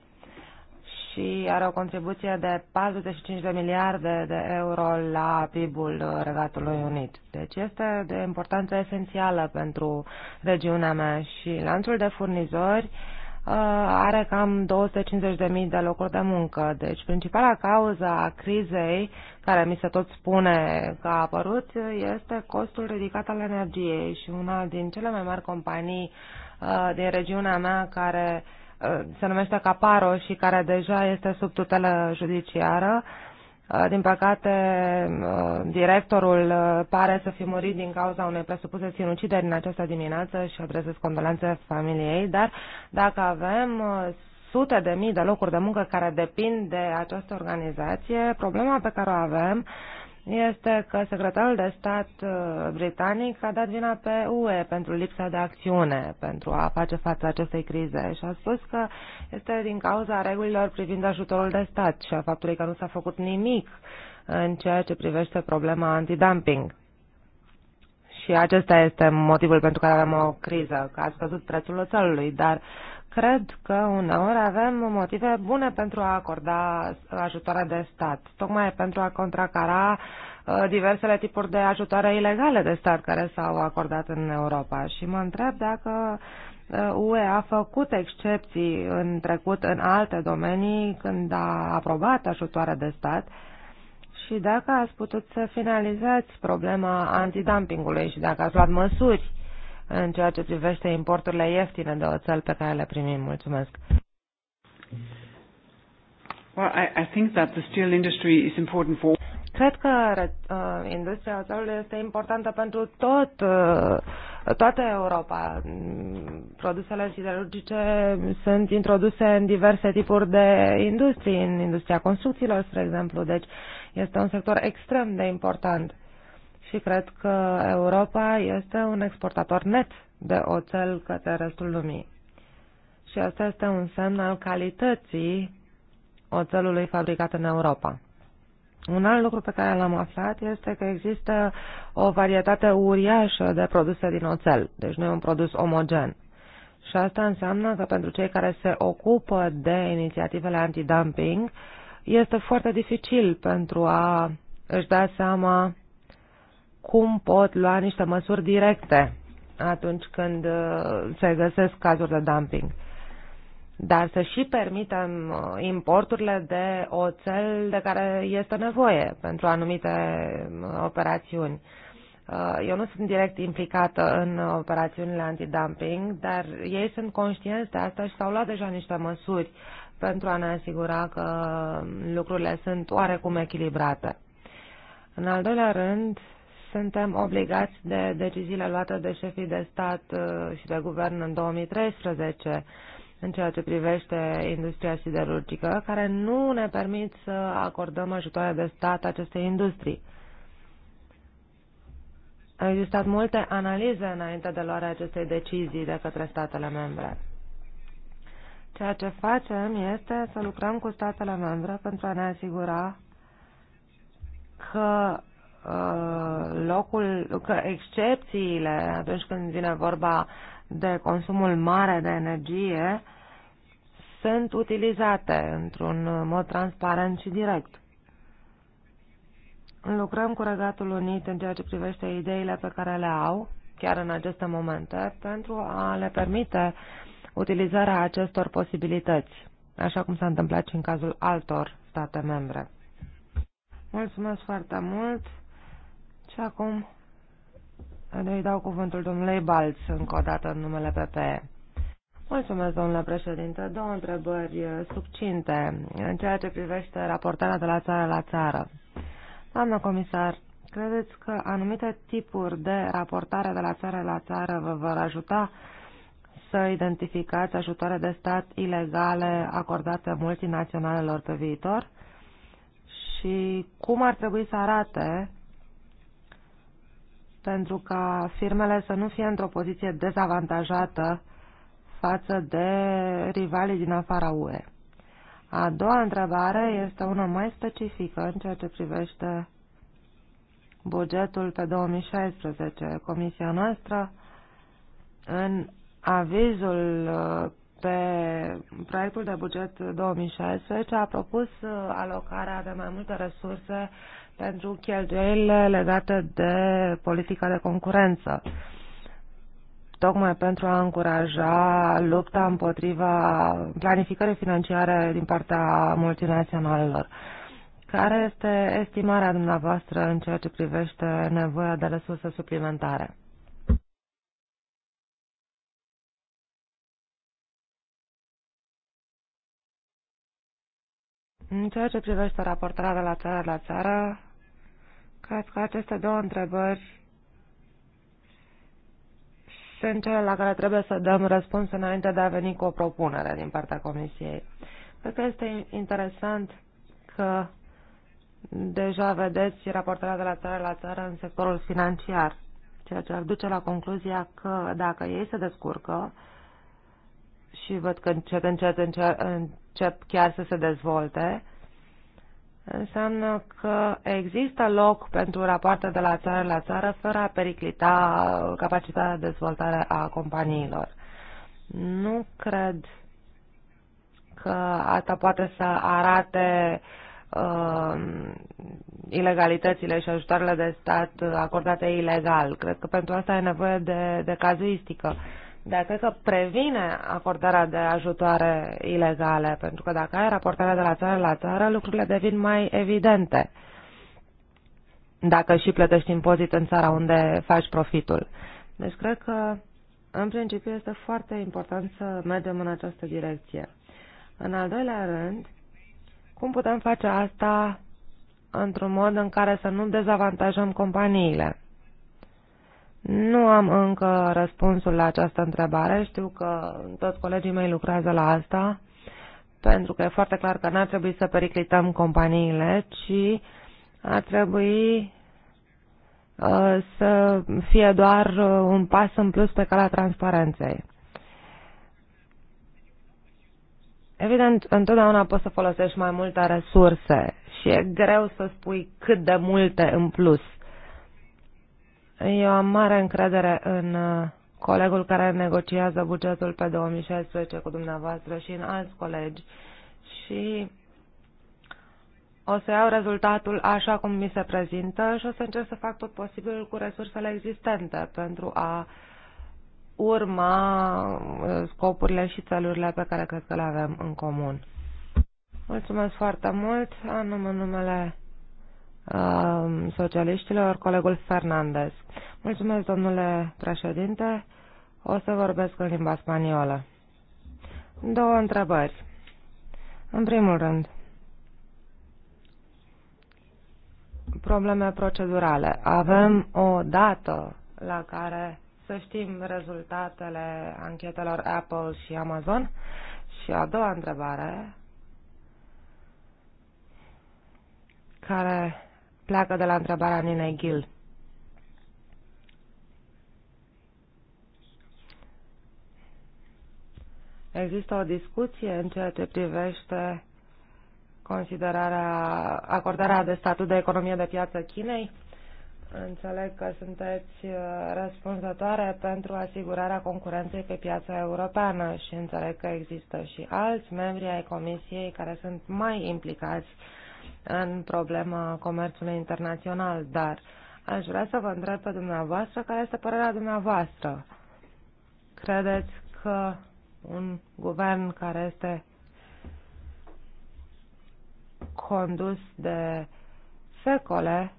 și are o contribuție de 45 de miliarde de euro la PIB-ul Regatului Unit. Deci este de importanță esențială pentru regiunea mea și lanțul de furnizori uh, are cam 250.000 de locuri de muncă. Deci principala cauza a crizei, care mi se tot spune că a apărut, este costul ridicat al energiei și una din cele mai mari companii uh, din regiunea mea care uh, se numește Caparo și care deja este sub tutelă judiciară. Uh, din păcate, uh, directorul uh, pare să fi murit din cauza unei presupuse sinucideri în această dimineață și adresez condolențe familiei, dar dacă avem sute de mii de locuri de muncă care depind de această organizație, problema pe care o avem este că secretarul de stat uh, britanic a dat vina pe UE pentru lipsa de acțiune pentru a face față acestei crize și a spus că este din cauza regulilor privind ajutorul de stat și a faptului că nu s-a făcut nimic în ceea ce privește problema antidumping. Și acesta este motivul pentru care avem o criză, că a scăzut prețul oțelului, dar Cred că uneori avem motive bune pentru a acorda ajutoare de stat, tocmai pentru a contracara uh, diversele tipuri de ajutoare ilegale de stat care s-au acordat în Europa. Și mă întreb dacă UE uh, a făcut excepții în trecut în alte domenii când a aprobat ajutoare de stat și dacă ați putut să finalizați problema antidumpingului și dacă ați luat măsuri în ceea ce privește importurile ieftine de oțel pe care le primim. Mulțumesc. Well, I, I think that the steel industry is important for Cred că uh, industria oțelului este importantă pentru tot, uh, toată Europa. Produsele siderurgice sunt introduse în diverse tipuri de industrie, în industria construcțiilor, spre exemplu. Deci este un sector extrem de important și cred că Europa este un exportator net de oțel către restul lumii. Și asta este un semn al calității oțelului fabricat în Europa. Un alt lucru pe care l-am aflat este că există o varietate uriașă de produse din oțel, deci nu e un produs omogen. Și asta înseamnă că pentru cei care se ocupă de inițiativele antidumping, este foarte dificil pentru a își da seama cum pot lua niște măsuri directe atunci când uh, se găsesc cazuri de dumping. Dar să și permitem uh, importurile de oțel de care este nevoie pentru anumite uh, operațiuni. Eu nu sunt direct implicată în operațiunile antidumping, dar ei sunt conștienți de asta și s-au luat deja niște măsuri pentru a ne asigura că lucrurile sunt oarecum echilibrate. În al doilea rând, suntem obligați de deciziile luate de șefii de stat uh, și de guvern în 2013 în ceea ce privește industria siderurgică, care nu ne permit să acordăm ajutoare de stat acestei industrii. Au existat multe analize înainte de luarea acestei decizii de către statele membre. Ceea ce facem este să lucrăm cu statele membre pentru a ne asigura că Uh, locul, că excepțiile atunci când vine vorba de consumul mare de energie sunt utilizate într-un mod transparent și direct. Lucrăm cu Regatul Unit în ceea ce privește ideile pe care le au, chiar în aceste momente, pentru a le permite utilizarea acestor posibilități, așa cum s-a întâmplat și în cazul altor state membre. Mulțumesc foarte mult! Și acum îi dau cuvântul domnului Balț încă o dată în numele PPE. Mulțumesc, domnule președinte. Două întrebări uh, succinte în ceea ce privește raportarea de la țară la țară. Doamnă comisar, credeți că anumite tipuri de raportare de la țară la țară vă vor ajuta să identificați ajutoare de stat ilegale acordate multinaționalelor pe viitor? Și cum ar trebui să arate pentru ca firmele să nu fie într-o poziție dezavantajată față de rivalii din afara UE. A doua întrebare este una mai specifică în ceea ce privește bugetul pe 2016. Comisia noastră, în avizul uh, pe proiectul de buget 2016, a propus uh, alocarea de mai multe resurse pentru cheltuielile legate de politica de concurență, tocmai pentru a încuraja lupta împotriva planificării financiare din partea multinaționalelor. Care este estimarea dumneavoastră în ceea ce privește nevoia de resurse suplimentare? În ceea ce privește raportarea de la țară la țară, Cred că aceste două întrebări sunt cele la care trebuie să dăm răspuns înainte de a veni cu o propunere din partea Comisiei. Cred că este interesant că deja vedeți raportarea de la țară la țară în sectorul financiar, ceea ce ar duce la concluzia că dacă ei se descurcă și văd că încet, încet, încet, încep chiar să se dezvolte, înseamnă că există loc pentru rapoarte de la țară la țară fără a periclita capacitatea de dezvoltare a companiilor. Nu cred că asta poate să arate uh, ilegalitățile și ajutoarele de stat acordate ilegal. Cred că pentru asta e nevoie de, de cazuistică. Uh, dar cred că previne acordarea de ajutoare ilegale, pentru că dacă ai raportarea de la țară la țară, lucrurile devin mai evidente. Dacă și plătești impozit în țara unde faci profitul. Deci cred că, în principiu, este foarte important să mergem în această direcție. În al doilea rând, cum putem face asta într-un mod în care să nu dezavantajăm companiile? Nu am încă răspunsul la această întrebare. Știu că toți colegii mei lucrează la asta, pentru că e foarte clar că n-ar trebui să periclităm companiile, ci ar trebui uh, să fie doar uh, un pas în plus pe calea transparenței. Evident, întotdeauna poți să folosești mai multe resurse și e greu să spui cât de multe în plus eu am mare încredere în uh, colegul care negociază bugetul pe 2016 cu dumneavoastră și în alți colegi și o să iau rezultatul așa cum mi se prezintă și o să încerc să fac tot posibilul cu resursele existente pentru a urma uh, scopurile și țelurile pe care cred că le avem în comun. Mulțumesc foarte mult. Am numele Um, socialiștilor, colegul Fernandez. Mulțumesc, domnule președinte. O să vorbesc în limba spaniolă. Două întrebări. În primul rând, probleme procedurale. Avem o dată la care să știm rezultatele anchetelor Apple și Amazon? Și a doua întrebare, care pleacă de la întrebarea Ninei Gil. Există o discuție în ceea ce privește considerarea, acordarea de statut de economie de piață Chinei? Înțeleg că sunteți uh, răspunzătoare pentru asigurarea concurenței pe piața europeană și înțeleg că există și alți membri ai Comisiei care sunt mai implicați în problema comerțului internațional, dar aș vrea să vă întreb pe dumneavoastră care este părerea dumneavoastră. Credeți că un guvern care este condus de secole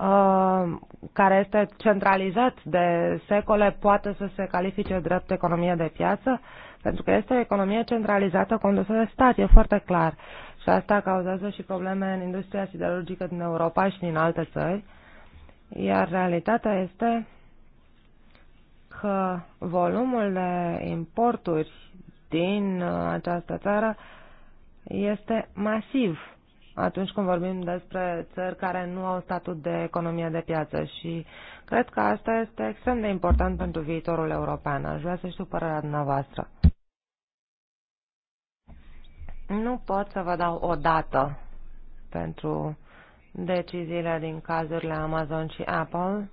Uh, care este centralizat de secole poate să se califice drept economie de piață? Pentru că este o economie centralizată condusă de stat, e foarte clar. Și asta cauzează și probleme în industria siderurgică din Europa și din alte țări. Iar realitatea este că volumul de importuri din uh, această țară este masiv atunci când vorbim despre țări care nu au statut de economie de piață și cred că asta este extrem de important pentru viitorul european. Aș vrea să știu părerea dumneavoastră. Nu pot să vă dau o dată pentru deciziile din cazurile Amazon și Apple.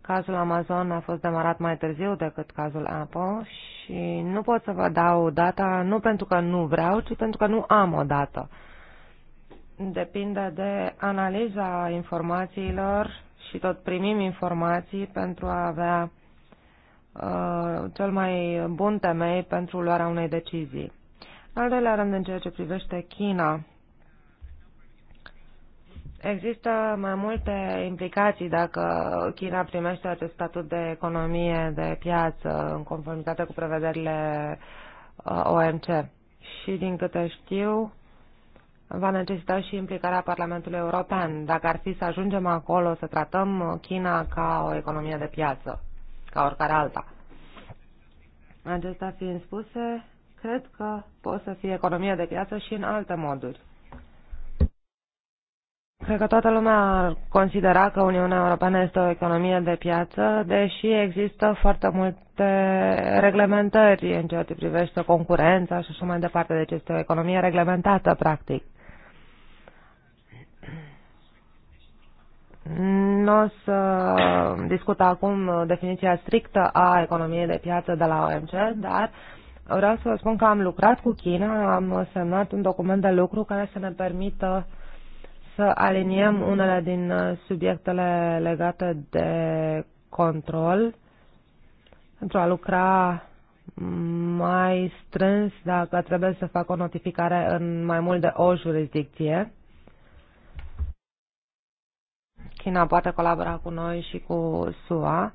Cazul Amazon a fost demarat mai târziu decât cazul Apple și nu pot să vă dau data nu pentru că nu vreau, ci pentru că nu am o dată depinde de analiza informațiilor și tot primim informații pentru a avea uh, cel mai bun temei pentru luarea unei decizii. Al doilea rând, în ceea ce privește China, Există mai multe implicații dacă China primește acest statut de economie de piață în conformitate cu prevederile uh, OMC. Și din câte știu, va necesita și implicarea Parlamentului European, dacă ar fi să ajungem acolo să tratăm China ca o economie de piață, ca oricare alta. Acestea fiind spuse, cred că pot să fie economie de piață și în alte moduri. Cred că toată lumea ar considera că Uniunea Europeană este o economie de piață, deși există foarte multe reglementări în ceea ce privește concurența și așa mai departe, deci este o economie reglementată, practic. nu o să discut acum definiția strictă a economiei de piață de la OMC, dar vreau să vă spun că am lucrat cu China, am semnat un document de lucru care să ne permită să aliniem unele din subiectele legate de control pentru a lucra mai strâns dacă trebuie să fac o notificare în mai mult de o jurisdicție China poate colabora cu noi și cu SUA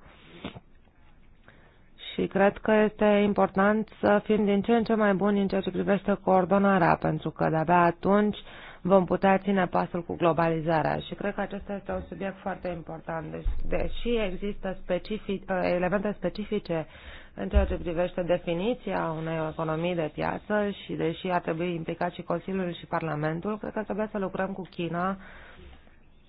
și cred că este important să fim din ce în ce mai buni în ceea ce privește coordonarea, pentru că de-abia atunci vom putea ține pasul cu globalizarea și cred că acesta este un subiect foarte important. Deci, deși există specific, elemente specifice în ceea ce privește definiția unei economii de piață și deși ar trebui implicat și Consiliul și Parlamentul, cred că trebuie să lucrăm cu China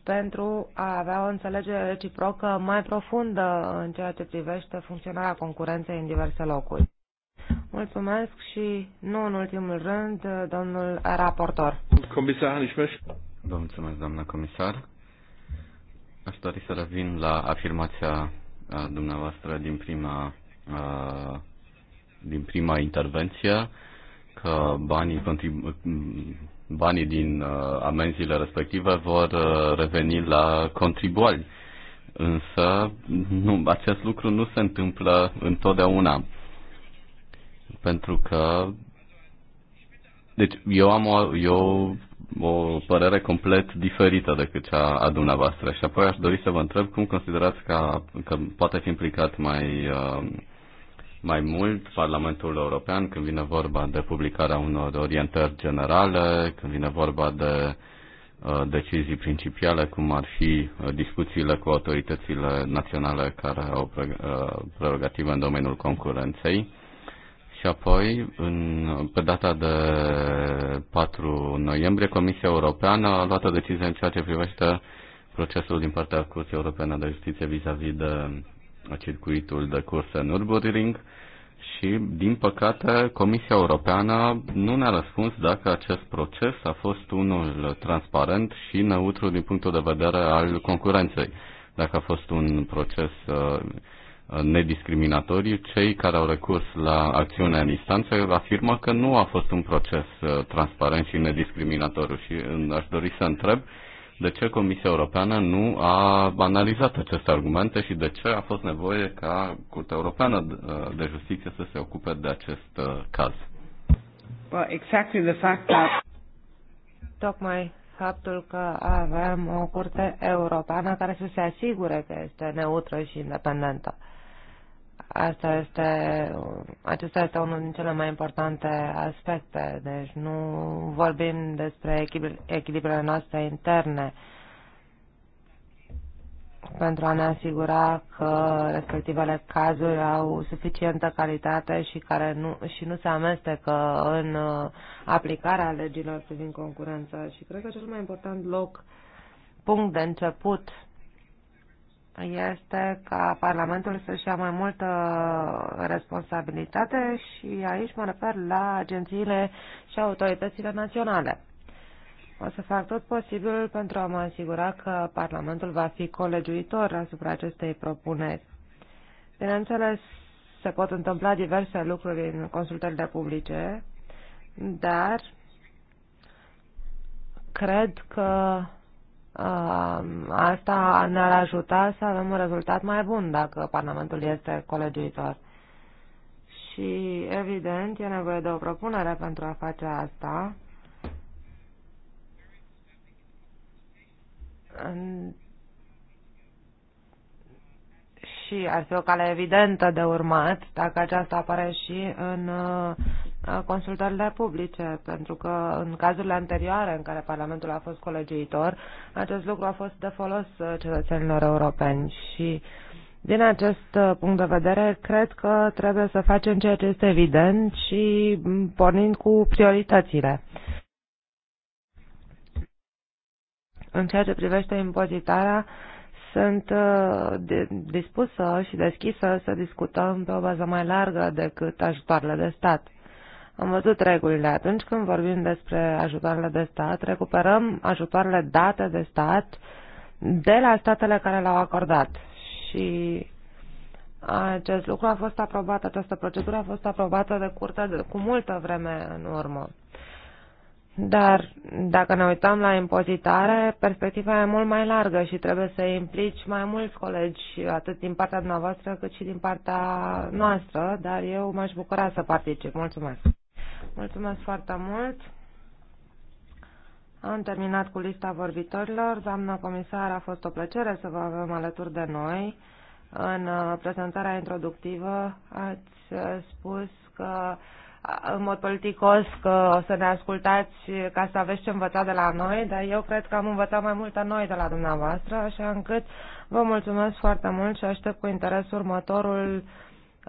pentru a avea o înțelegere reciprocă mai profundă în ceea ce privește funcționarea concurenței în diverse locuri. Mulțumesc și, nu în ultimul rând, domnul raportor. Comisar, nici Vă mulțumesc, doamnă comisar. Aș dori să revin la afirmația dumneavoastră din prima, din prima intervenție că banii, contribu- banii din uh, amenziile respective vor uh, reveni la contribuali. Însă nu, acest lucru nu se întâmplă întotdeauna. Pentru că deci eu am o, eu o părere complet diferită decât cea a dumneavoastră și apoi aș dori să vă întreb cum considerați că, că poate fi implicat mai uh, mai mult, Parlamentul European, când vine vorba de publicarea unor orientări generale, când vine vorba de uh, decizii principiale, cum ar fi uh, discuțiile cu autoritățile naționale care au uh, prerogative în domeniul concurenței. Și apoi, în, pe data de 4 noiembrie, Comisia Europeană a luat o decizie în ceea ce privește procesul din partea Curții Europene de Justiție vis-a-vis -vis de circuitul de curse în Nürburgring și, din păcate, Comisia Europeană nu ne-a răspuns dacă acest proces a fost unul transparent și neutru din punctul de vedere al concurenței, dacă a fost un proces uh, nediscriminatoriu. Cei care au recurs la acțiunea în instanță afirmă că nu a fost un proces uh, transparent și nediscriminatoriu și uh, aș dori să întreb de ce Comisia Europeană nu a analizat aceste argumente și de ce a fost nevoie ca Curtea Europeană uh, de Justiție să se ocupe de acest uh, caz. Well, exactly the fact that... Tocmai faptul că avem o curte europeană care să se asigure că este neutră și independentă. Asta este, acesta este unul din cele mai importante aspecte. Deci nu vorbim despre echilibrele noastre interne pentru a ne asigura că respectivele cazuri au suficientă calitate și, care nu, și nu se amestecă în uh, aplicarea legilor privind concurența. Și cred că cel mai important loc, punct de început este ca Parlamentul să-și ia mai multă responsabilitate și aici mă refer la agențiile și autoritățile naționale. O să fac tot posibilul pentru a mă asigura că Parlamentul va fi colegiuitor asupra acestei propuneri. Bineînțeles, se pot întâmpla diverse lucruri în consultările publice, dar cred că Ah, asta ne-ar ajuta să avem un rezultat mai bun dacă Parlamentul este colegiuitor. Și, evident, e nevoie de o propunere pentru a face asta. și ar fi o cale evidentă de urmat dacă aceasta apare și în uh, consultările publice, pentru că în cazurile anterioare în care Parlamentul a fost colegiuitor, acest lucru a fost de folos uh, cetățenilor europeni și din acest uh, punct de vedere, cred că trebuie să facem ceea ce este evident și mm, pornind cu prioritățile. În ceea ce privește impozitarea, sunt uh, dispusă și deschisă să discutăm pe o bază mai largă decât ajutoarele de stat. Am văzut regulile atunci când vorbim despre ajutoarele de stat, recuperăm ajutoarele date de stat de la statele care le-au acordat. Și acest lucru a fost aprobat, această procedură a fost aprobată de curte de, cu multă vreme în urmă. Dar dacă ne uităm la impozitare, perspectiva e mult mai largă și trebuie să implici mai mulți colegi, atât din partea dumneavoastră cât și din partea noastră, dar eu m-aș bucura să particip. Mulțumesc! Mulțumesc foarte mult. Am terminat cu lista vorbitorilor. Doamna comisar, a fost o plăcere să vă avem alături de noi. În uh, prezentarea introductivă ați uh, spus că uh, în mod politicos că o să ne ascultați ca să aveți ce învăța de la noi, dar eu cred că am învățat mai multe noi de la dumneavoastră, așa încât vă mulțumesc foarte mult și aștept cu interes următorul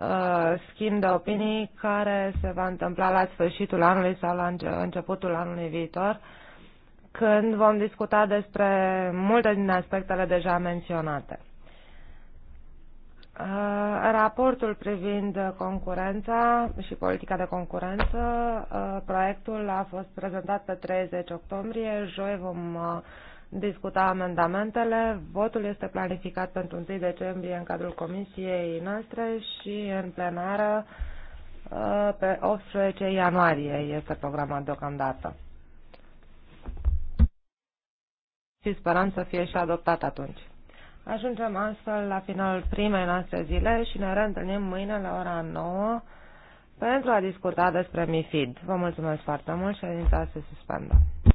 Uh, schimb de opinii care se va întâmpla la sfârșitul anului sau la începutul anului viitor, când vom discuta despre multe din aspectele deja menționate. Uh, raportul privind concurența și politica de concurență, uh, proiectul a fost prezentat pe 30 octombrie. Joi vom discuta amendamentele. Votul este planificat pentru 1 decembrie în cadrul comisiei noastre și în plenară uh, pe 18 ianuarie este programat deocamdată. Și sperăm să fie și adoptat atunci. Ajungem astfel la finalul primei noastre zile și ne reîntâlnim mâine la ora 9 pentru a discuta despre MIFID. Vă mulțumesc foarte mult și ședința se suspendă.